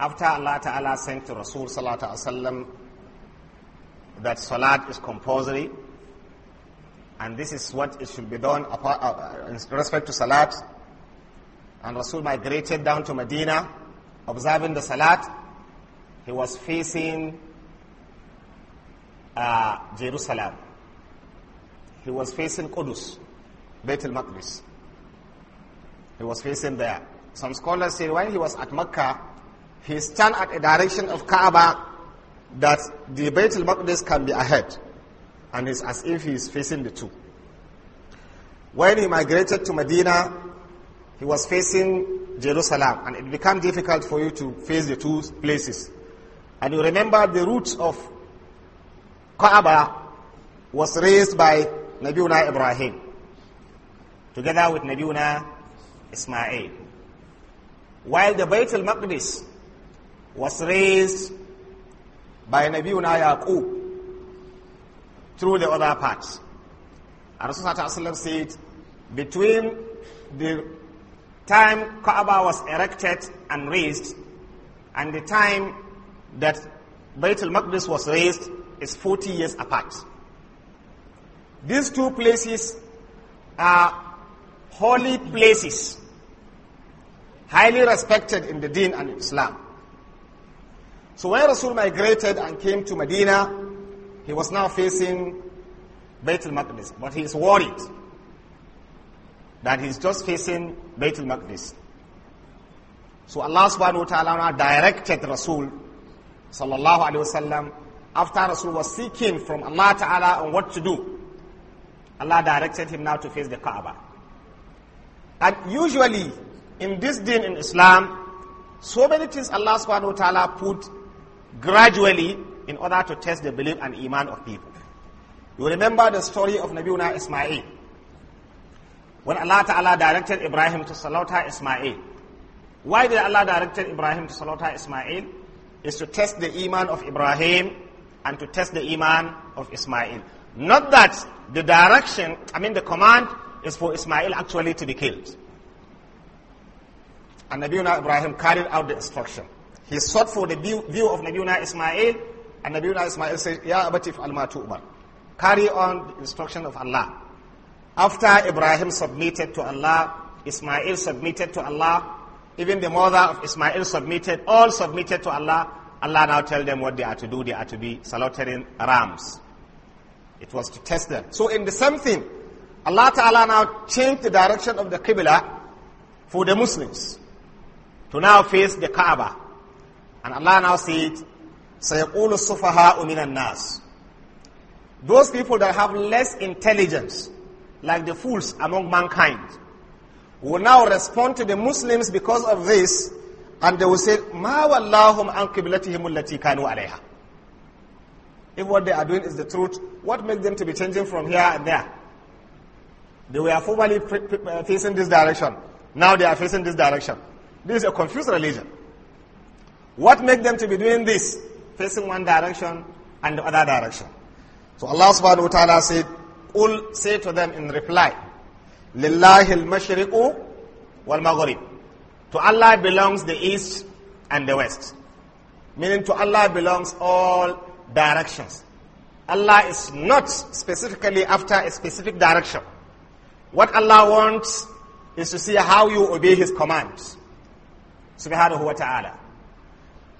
after Allah Ta'ala sent to Rasul Sallallahu Alaihi Wasallam that Salat is compulsory and this is what it should be done in respect to Salat and Rasul migrated down to Medina observing the Salat, he was facing uh, Jerusalem. He was facing Qudus, Beit al Maqdis. He was facing there. Some scholars say when he was at Mecca, he stand at a direction of Kaaba that the Beit al Maqdis can be ahead. And it's as if he is facing the two. When he migrated to Medina, he was facing Jerusalem, and it became difficult for you to face the two places. And you remember the roots of Kaaba was raised by Nabiuna Ibrahim, together with Nabiuna Ismail. While the Bayt al-Maqdis was raised by Nabiuna Yaqub through the other parts. And Rasulullah said, between the time Kaaba was erected and raised and the time that Baitul Maqdis was raised is 40 years apart. These two places are holy places, highly respected in the deen and Islam. So when Rasul migrated and came to Medina, he was now facing Baitul Maqdis, but he is worried that he's just facing Baitul Maqdis. So Allah subhanahu wa ta'ala directed Rasul sallallahu alayhi wasallam after Rasul was seeking from Allah ta'ala on what to do. Allah directed him now to face the Kaaba. And usually in this din in Islam, so many things Allah subhanahu wa ta'ala put gradually in order to test the belief and iman of people. You remember the story of Nabiuna Ismail when Allah Ta'ala directed Ibrahim to slaughter Ismail. Why did Allah direct Ibrahim to slaughter Ismail? Is to test the iman of Ibrahim and to test the iman of Ismail. Not that the direction, I mean the command is for Ismail actually to be killed. And Nabiuna Ibrahim carried out the instruction. He sought for the view, of Nabiuna Ismail, and Nabiuna Ismail said, Ya abatif al-matu'bar. Carry on the instruction of Allah. After Ibrahim submitted to Allah, Ismail submitted to Allah, even the mother of Ismail submitted, all submitted to Allah. Allah now tell them what they are to do. They are to be slaughtering rams. It was to test them. So in the same thing, Allah Ta'ala now changed the direction of the Qibla for the Muslims to now face the Kaaba. And Allah now said, سَيَقُولُ السُّفَهَاءُ مِنَ Nas. Those people that have less intelligence like the fools among mankind, will now respond to the Muslims because of this, and they will say, Ma wallahum an qiblatihim allati kanu alayha. If what they are doing is the truth, what makes them to be changing from here and there? They were formerly uh, facing this direction. Now they are facing this direction. This is a confused religion. What makes them to be doing this? Facing one direction and the other direction. So Allah subhanahu wa ta'ala said, Qul say to them in reply, Lillahi al-mashriqu wal To Allah belongs the east and the west. Meaning to Allah belongs all directions. Allah is not specifically after a specific direction. What Allah wants is to see how you obey His commands. Subhanahu wa ta'ala.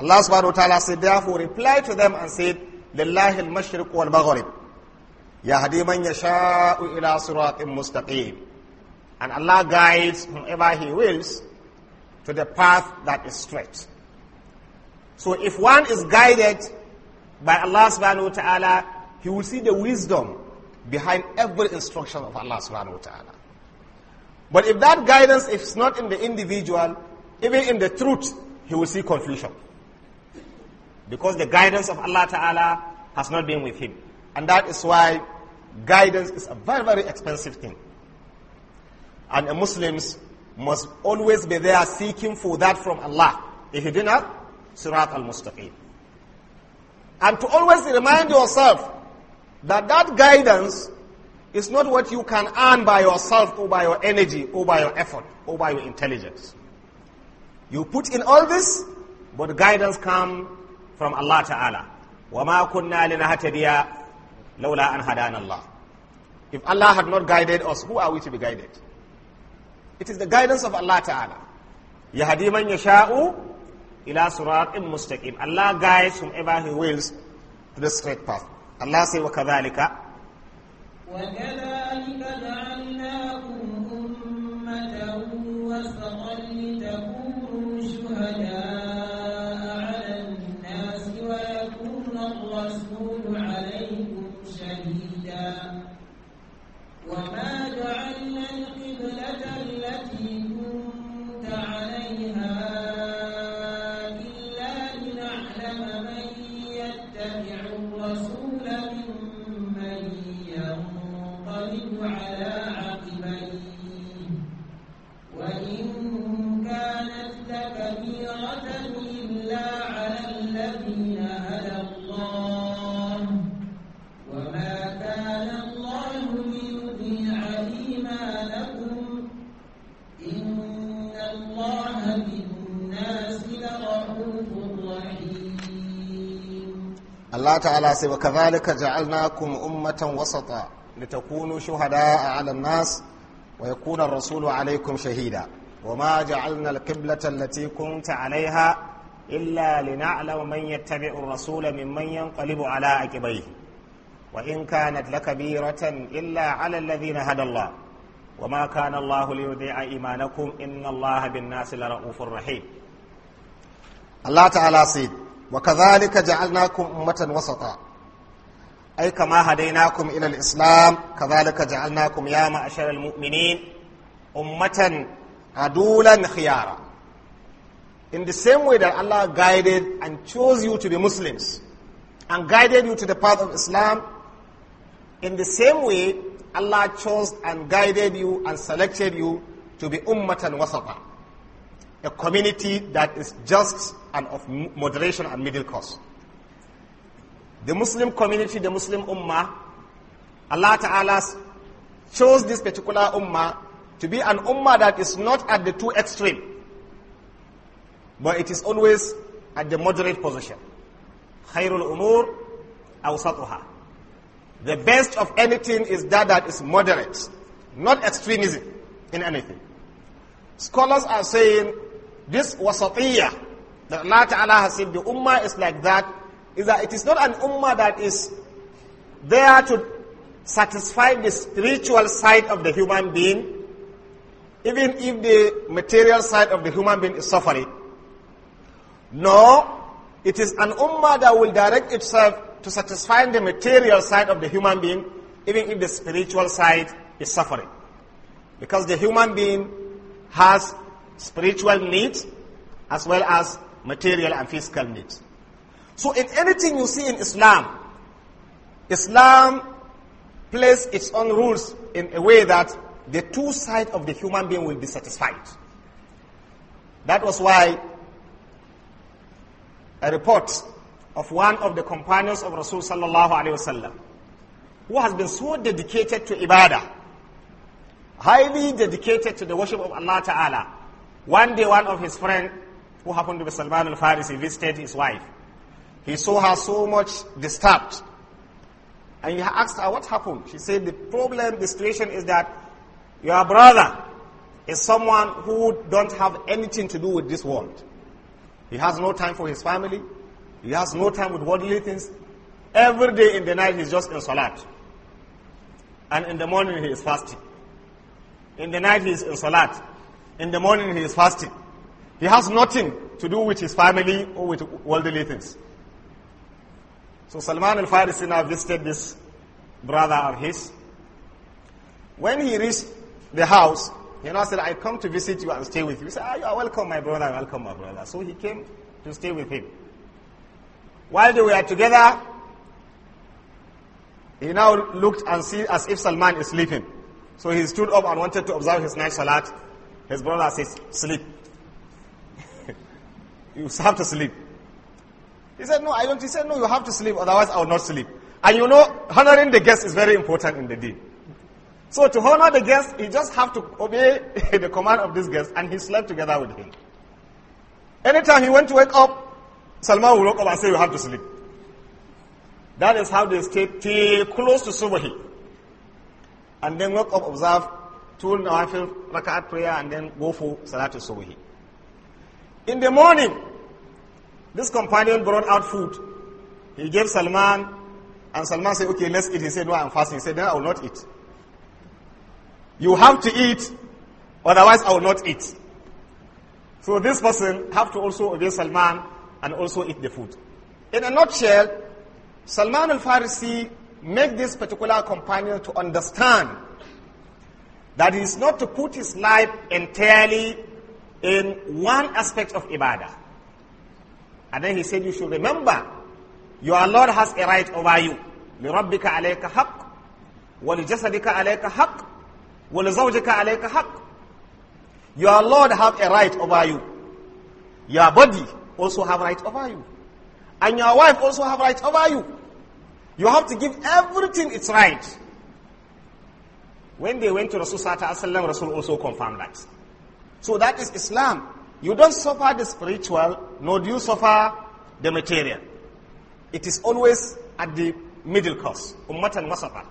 Allah subhanahu wa ta'ala said, therefore reply to them and said, لله المشرق والمغرب Yahdi man yasha'u ila siratin mustaqim. And Allah guides whomever He wills to the path that is straight. So if one is guided by Allah subhanahu wa ta'ala, he will see the wisdom behind every instruction of Allah subhanahu wa ta'ala. But if that guidance is not in the individual, even in the truth, he will see confusion. Because the guidance of Allah ta'ala has not been with him. And that is why guidance is a very, very expensive thing. And Muslims must always be there seeking for that from Allah. If you do not, Sirat al-Mustaqim. And to always remind yourself that that guidance is not what you can earn by yourself or by your energy or by your effort or by your intelligence. You put in all this, but guidance comes from Allah Ta'ala. وَمَا كُنَّا لِنَهْتَدِيَا Lawla an hadan Allah. If Allah had not guided us, who are we to be guided? It is the guidance of Allah Ta'ala. Yahdi man yasha'u ila siratin mustaqim. Allah guides whomever he wills to the straight path. Allah says, وَكَذَلِكَ وَكَذَلِكَ الله تعالى سي وكذلك جعلناكم أمة وسطا لتكونوا شهداء على الناس ويكون الرسول عليكم شهيدا وما جعلنا القبلة التي كنت عليها إلا لنعلم من يتبع الرسول ممن ينقلب على عقبيه وإن كانت لكبيرة إلا على الذين هدى الله وما كان الله ليضيع إيمانكم إن الله بالناس لرؤوف رحيم الله تعالى سيد wa kadhalika ja'alnakum ummatan wasata ai kama hadainakum ila al-islam kadhalika ja'alnakum ya ma'ashar al-mu'minin ummatan in the same way that Allah guided and chose you to be Muslims and guided you to the path of Islam in the same way Allah chose and guided you and selected you to be ummatan wasata a community that is just and of moderation and middle course. The Muslim community, the Muslim Ummah, Allah Ta'ala chose this particular Ummah to be an Ummah that is not at the two extreme, but it is always at the moderate position. Khairul Umur awsatuha. The best of anything is that that is moderate, not extremism in anything. Scholars are saying this wasatiyah that Allah Ta'ala has said the ummah is like that, is that it is not an ummah that is there to satisfy the spiritual side of the human being, even if the material side of the human being is suffering. No, it is an ummah that will direct itself to satisfying the material side of the human being, even if the spiritual side is suffering. Because the human being has spiritual needs as well as material and physical needs. So in anything you see in Islam, Islam plays its own rules in a way that the two sides of the human being will be satisfied. That was why a report of one of the companions of Rasul sallallahu who has been so dedicated to ibadah, highly dedicated to the worship of Allah Ta'ala, one day, one of his friends, who happened to be Salman al Farisi, visited his wife. He saw her so much disturbed. And he asked her, What happened? She said, The problem, the situation is that your brother is someone who don't have anything to do with this world. He has no time for his family. He has no time with worldly things. Every day in the night, he's just in salat. And in the morning, he is fasting. In the night, he is in salat in the morning he is fasting. He has nothing to do with his family or with worldly things. So Salman al-Farisi now visited this brother of his. When he reached the house, he now said, I come to visit you and stay with you. He said, ah, you are welcome, my brother, welcome, my brother. So he came to stay with him. While they were together, he now looked and see as if Salman is sleeping. So he stood up and wanted to observe his night salat. His brother says, Sleep. [LAUGHS] you have to sleep. He said, No, I don't. He said, No, you have to sleep, otherwise I will not sleep. And you know, honoring the guest is very important in the day. So to honor the guest, he just have to obey [LAUGHS] the command of this guest, and he slept together with him. Anytime he went to wake up, Salman will wake up and say, you have to sleep. That is how they stayed till close to Subahi. And then wake up, observe two nawafil rak'at prayer and then go for salatul subhi. In the morning, this companion brought out food. He gave Salman, and Salman said, okay, let's eat. He said, no, I'm fasting. He said, then I will not eat. You have to eat, otherwise I will not eat. So this person have to also obey Salman and also eat the food. In a nutshell, Salman al-Farisi make this particular companion to understand that is not to put his life entirely in one aspect of ibadah. And then he said, you should remember, your Lord has a right over you. لِرَبِّكَ عَلَيْكَ حَقٍّ وَلِجَسَدِكَ عَلَيْكَ حَقٍّ وَلِزَوْجِكَ عَلَيْكَ حَقٍّ Your Lord have a right over you. Your body also have right over you. And your wife also have right over you. You have to give everything its right. When they went to Rasul Sallallahu Rasul also confirmed that. So that is Islam. You don't suffer the spiritual, nor do you suffer the material. It is always at the middle course, ummat al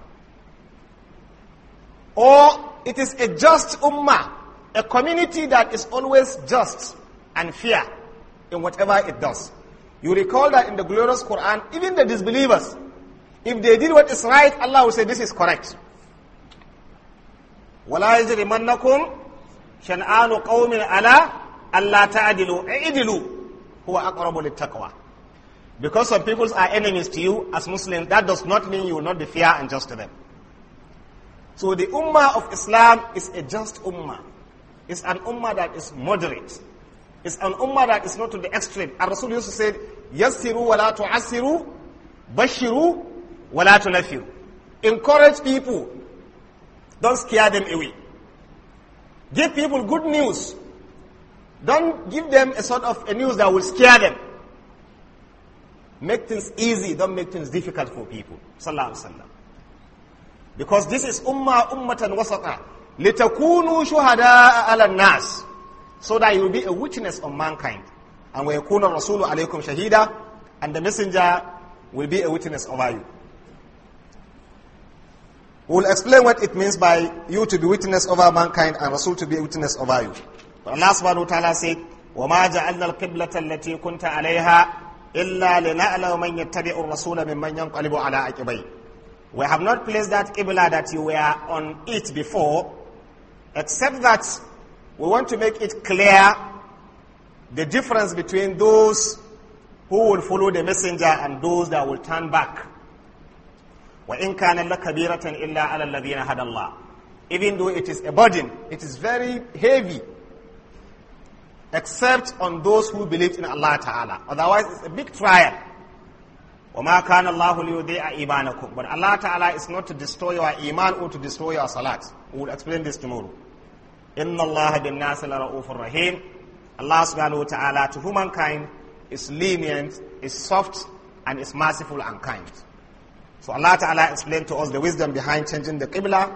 Or it is a just ummah, a community that is always just and fair in whatever it does. You recall that in the glorious Quran, even the disbelievers, if they did what is right, Allah will say, this is correct wala yajrimannakum شنآن قوم ala alla ta'dilu i'dilu huwa أقرب littaqwa because some peoples are enemies to you as muslims that does not mean you will not be fair and just to them so the ummah of islam is a just ummah it's an ummah that is moderate it's an ummah that is not to the extreme Our rasul used to say yassiru wa la tu'assiru bashiru wa la tunafiru encourage people don't scare them away. Give people good news. Don't give them a sort of a news that will scare them. Make things easy. Don't make things difficult for people. Sallallahu alaihi Because this is ummah ummatan wasata. لِتَكُونُوا شُهَدَاءَ عَلَى النَّاسِ So that you will be a witness of mankind. And وَيَكُونَ الرَّسُولُ عَلَيْكُمْ شَهِيدًا And the messenger will be a witness over you. We will explain what it means by you to be witness over mankind and Rasul to be a witness over you. But Allah subhanahu wa ta'ala said, وَمَا جَعَلْنَا الْقِبْلَةَ الَّتِي كُنْتَ عَلَيْهَا إِلَّا لِنَعْلَوْ مَنْ يَتَّبِعُ الرَّسُولَ يَنْقَلِبُ عَلَىٰ We have not placed that qibla that you were on it before, except that we want to make it clear the difference between those who will follow the messenger and those that will turn back. وَإِن كَانَ لَكَبِيرَةً إِلَّا عَلَى الَّذِينَ هَدَى اللَّهِ Even though it is a burden, it is very heavy, except on those who believe in Allah Ta'ala. Otherwise, it's a big trial. وَمَا كَانَ اللَّهُ لِيُضِيعَ إِيمَانَكُمْ But Allah Ta'ala is not to destroy your iman or to destroy your salat. We will explain this tomorrow. إِنَّ اللَّهَ بِالنَّاسِ لَرَؤُوفٌ رَحِيمٌ Allah subhanahu wa ta'ala to humankind is lenient, is soft, and is merciful and kind. So Allah Ta'ala explained to us the wisdom behind changing the Qibla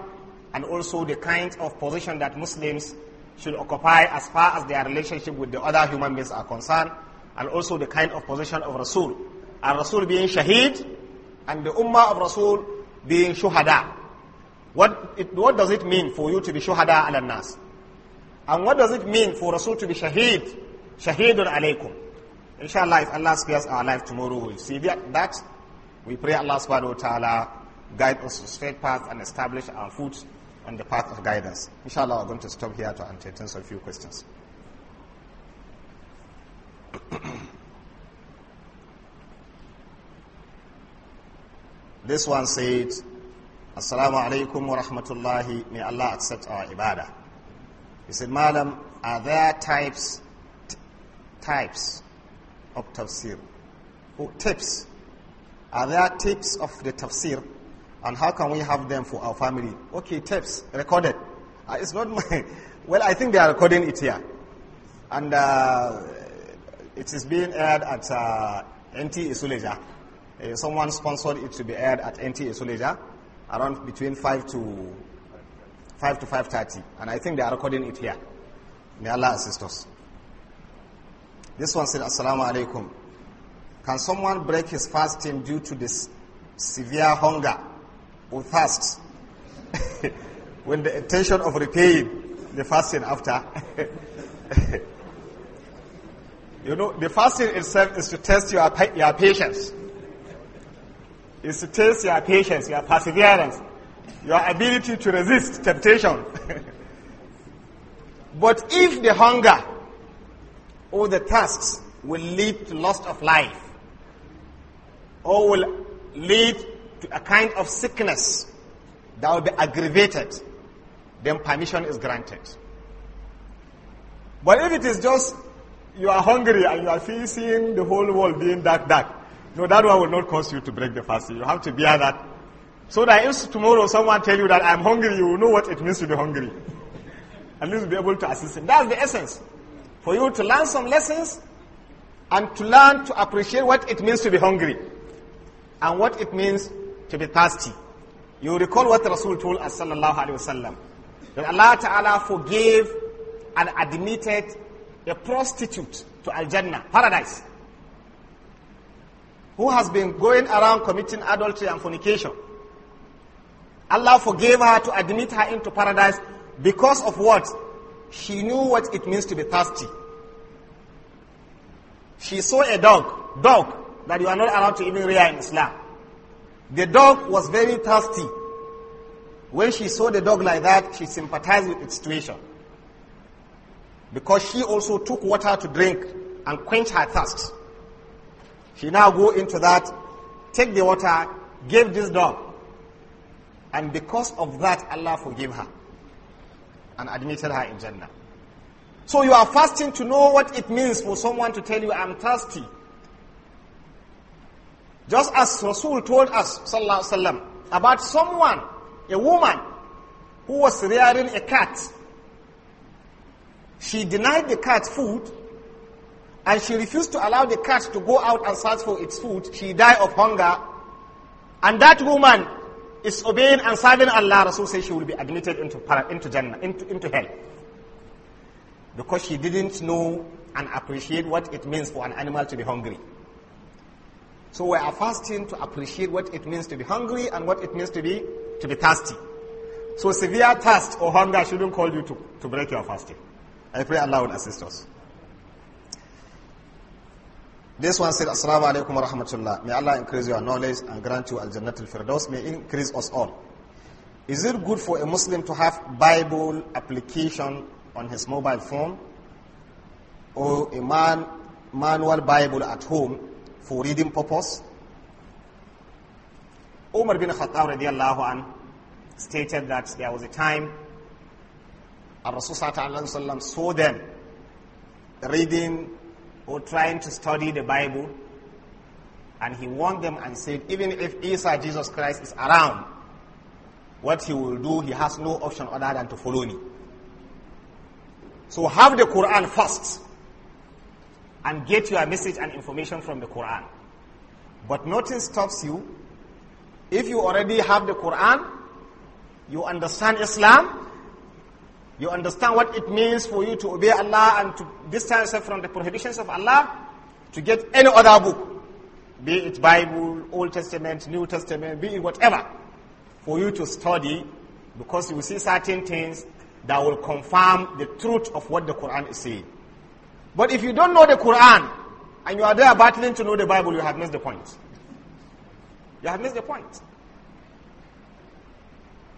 and also the kind of position that Muslims should occupy as far as their relationship with the other human beings are concerned and also the kind of position of Rasul. And Rasul being Shaheed and the Ummah of Rasul being Shuhada. What, it, what does it mean for you to be Shuhada ala nas? And what does it mean for Rasul to be Shaheed? Shaheedun alaykum. Inshallah, if Allah spares our life tomorrow, we'll see that, that we pray Allah subhanahu wa ta'ala guide us to straight path and establish our foot on the path of guidance. Inshallah, I'm going to stop here to entertain some few questions. [COUGHS] this one said, Assalamu alaikum wa rahmatullahi, may Allah accept our ibadah. He said, Madam, are there types, types of tafsir? Or tips are there tapes of the tafsir? And how can we have them for our family? Okay, tapes, recorded. Uh, it's not [LAUGHS] my... Well, I think they are recording it here. And uh, it is being aired at uh, NT Isuleja. Uh, someone sponsored it to be aired at NT Isuleja around between 5 to 5 to 5.30. And I think they are recording it here. May Allah assist us. This one said, Assalamu alaikum. Can someone break his fasting due to this severe hunger or fast [LAUGHS] when the intention of repaying the fasting after? [LAUGHS] you know, the fasting itself is to test your, your patience. It's to test your patience, your perseverance, your ability to resist temptation. [LAUGHS] but if the hunger or the thirst will lead to loss of life, or will lead to a kind of sickness that will be aggravated, then permission is granted. But if it is just you are hungry and you are seeing the whole world being dark, dark, no, that one will not cause you to break the fast. You have to bear that. So that if tomorrow someone tell you that I'm hungry, you will know what it means to be hungry. [LAUGHS] At least be able to assist him. That's the essence. For you to learn some lessons and to learn to appreciate what it means to be hungry and what it means to be thirsty. You recall what Rasul told us sallallahu alayhi wasallam. That Allah Ta'ala forgave and admitted a prostitute to Al-Jannah, paradise. Who has been going around committing adultery and fornication. Allah forgave her to admit her into paradise because of what? She knew what it means to be thirsty. She saw a dog. Dog, that you are not allowed to even rear in Islam. The dog was very thirsty. When she saw the dog like that, she sympathized with its situation. Because she also took water to drink and quench her thirst. She now go into that, take the water, give this dog. And because of that, Allah forgave her and admitted her in Jannah. So you are fasting to know what it means for someone to tell you, I'm thirsty. Just as Rasul told us wasallam, about someone, a woman, who was rearing a cat. She denied the cat food and she refused to allow the cat to go out and search for its food. She died of hunger. And that woman is obeying and serving Allah. Rasul says she will be admitted into, into Jannah, into, into hell. Because she didn't know and appreciate what it means for an animal to be hungry. So we are fasting to appreciate what it means to be hungry and what it means to be, to be thirsty. So severe thirst or hunger shouldn't call you to, to break your fasting. I pray Allah will assist us. This one said, Assalamu alaikum wa rahmatullah. May Allah increase your knowledge and grant you al-jannat al-firdaus. May increase us all. Is it good for a Muslim to have Bible application on his mobile phone or a man, manual Bible at home for reading purpose? Umar bin Khattab radiallahu an stated that there was a time Rasul saw them reading or trying to study the Bible and he warned them and said, even if Isa, Jesus Christ, is around, what he will do, he has no option other than to follow me. So have the Quran first and get your message and information from the Quran. But nothing stops you. If you already have the Quran, you understand Islam, you understand what it means for you to obey Allah and to distance yourself from the prohibitions of Allah, to get any other book, be it Bible, Old Testament, New Testament, be it whatever, for you to study, because you will see certain things that will confirm the truth of what the Quran is saying. But if you don't know the Quran and you are there battling to know the Bible, you have missed the point. You have missed the point.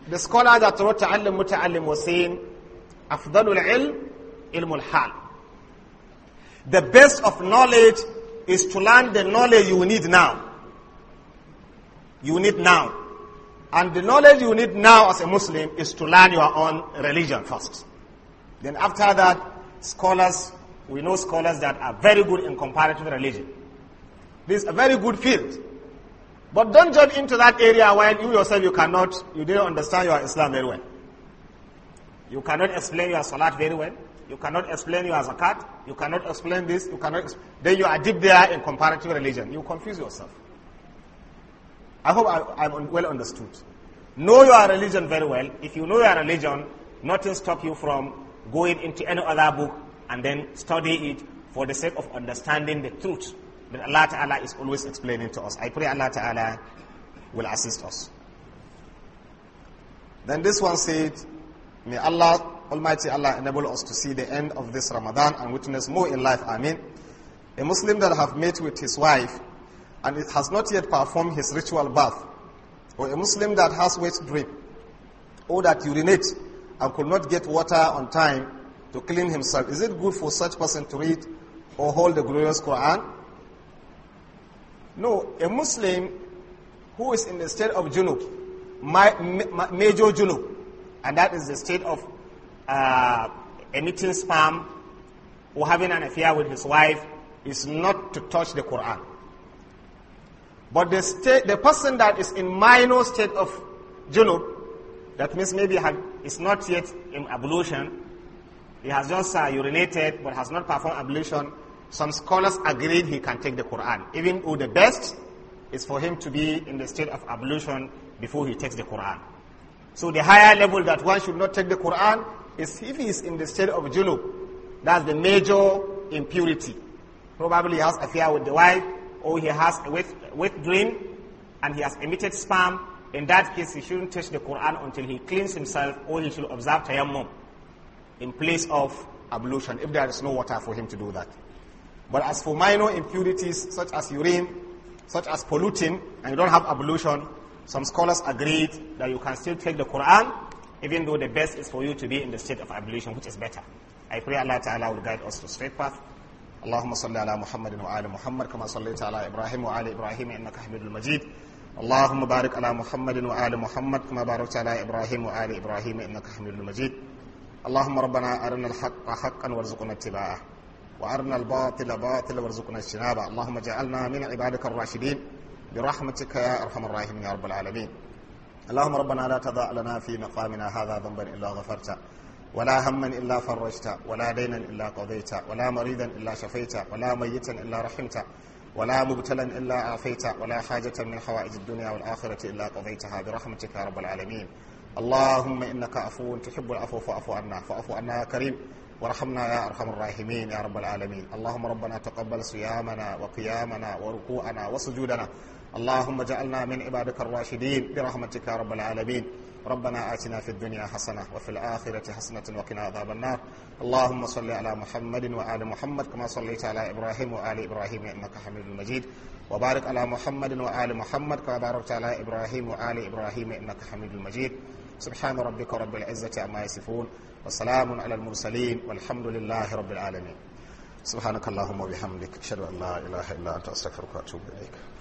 The scholar that wrote Ta'allim Muta'allim was saying, Afdalul ilm, ilmul hal. The best of knowledge is to learn the knowledge you need now. You need now. And the knowledge you need now as a Muslim is to learn your own religion first. Then after that, scholars we know scholars that are very good in comparative religion. This is a very good field. But don't jump into that area where you yourself you cannot, you don't understand your Islam very well. You cannot explain your salat very well. You cannot explain your zakat. You cannot explain this. You cannot. Then you are deep there in comparative religion. You confuse yourself. I hope I, am well understood. Know your religion very well. If you know your religion, nothing stop you from going into any other book and then study it for the sake of understanding the truth that Allah Ta'ala is always explaining to us. I pray Allah Ta'ala will assist us. Then this one said, May Allah, Almighty Allah, enable us to see the end of this Ramadan and witness more in life. mean, A Muslim that have met with his wife and it has not yet performed his ritual bath, or a Muslim that has waste drip, or that urinates and could not get water on time to clean himself. Is it good for such person to read or hold the glorious Quran? No, a Muslim who is in the state of junub, major junub, and that is the state of uh, emitting sperm or having an affair with his wife, is not to touch the Quran. But the, state, the person that is in minor state of junub, that means maybe have, is not yet in ablution, he has just uh, urinated but has not performed ablution. Some scholars agreed he can take the Quran. Even though the best is for him to be in the state of ablution before he takes the Quran. So the higher level that one should not take the Quran is if he is in the state of junub. That's the major impurity. Probably he has affair with the wife or he has a wet, dream and he has emitted sperm. In that case, he shouldn't touch the Quran until he cleans himself or he should observe tayammum in place of ablution if there is no water for him to do that. But as for minor impurities such as urine, such as polluting, and you don't have ablution, some scholars agreed that you can still take the Quran, even though the best is for you to be in the state of ablution, which is better. I pray Allah Ta'ala will guide us to straight path. اللهم صل على محمد وعلى محمد كما صليت على إبراهيم وعلى إبراهيم إنك حميد مجيد اللهم بارك على محمد وعلى محمد كما باركت على إبراهيم وعلى إبراهيم إنك حميد مجيد اللهم ربنا أرنا الحق حقا وارزقنا اتباعه وأرنا الباطل باطلا وارزقنا اجتنابه اللهم اجعلنا من عبادك الراشدين برحمتك يا أرحم الراحمين يا رب العالمين اللهم ربنا لا تضع لنا في مقامنا هذا ذنبا إلا غفرته ولا هما إلا فرجت ولا دينا إلا قضيت ولا مريضا إلا شفيت ولا ميتا إلا رحمت ولا مبتلا إلا عافيت ولا حاجة من حوائج الدنيا والآخرة إلا قضيتها برحمتك يا رب العالمين اللهم إنك عفو تحب العفو فاعف عنا فاعف عنا يا كريم وارحمنا يا أرحم الراحمين يا رب العالمين اللهم ربنا تقبل صيامنا وقيامنا وركوعنا وسجودنا اللهم اجعلنا من عبادك الراشدين برحمتك يا رب العالمين ربنا آتنا في الدنيا حسنة وفي الآخرة حسنة وقنا عذاب النار اللهم صل على محمد وآل محمد كما صليت على إبراهيم وآل إبراهيم إنك حميد مجيد وبارك على محمد وآل محمد كما باركت على إبراهيم وآل إبراهيم إنك حميد مجيد subhana rabbika rabbil izzati amma yasifun wa salamun alal mursalin walhamdulillahi rabbil alamin subhanakallahumma wa bihamdika ashhadu an la ilaha illa anta astaghfiruka wa atubu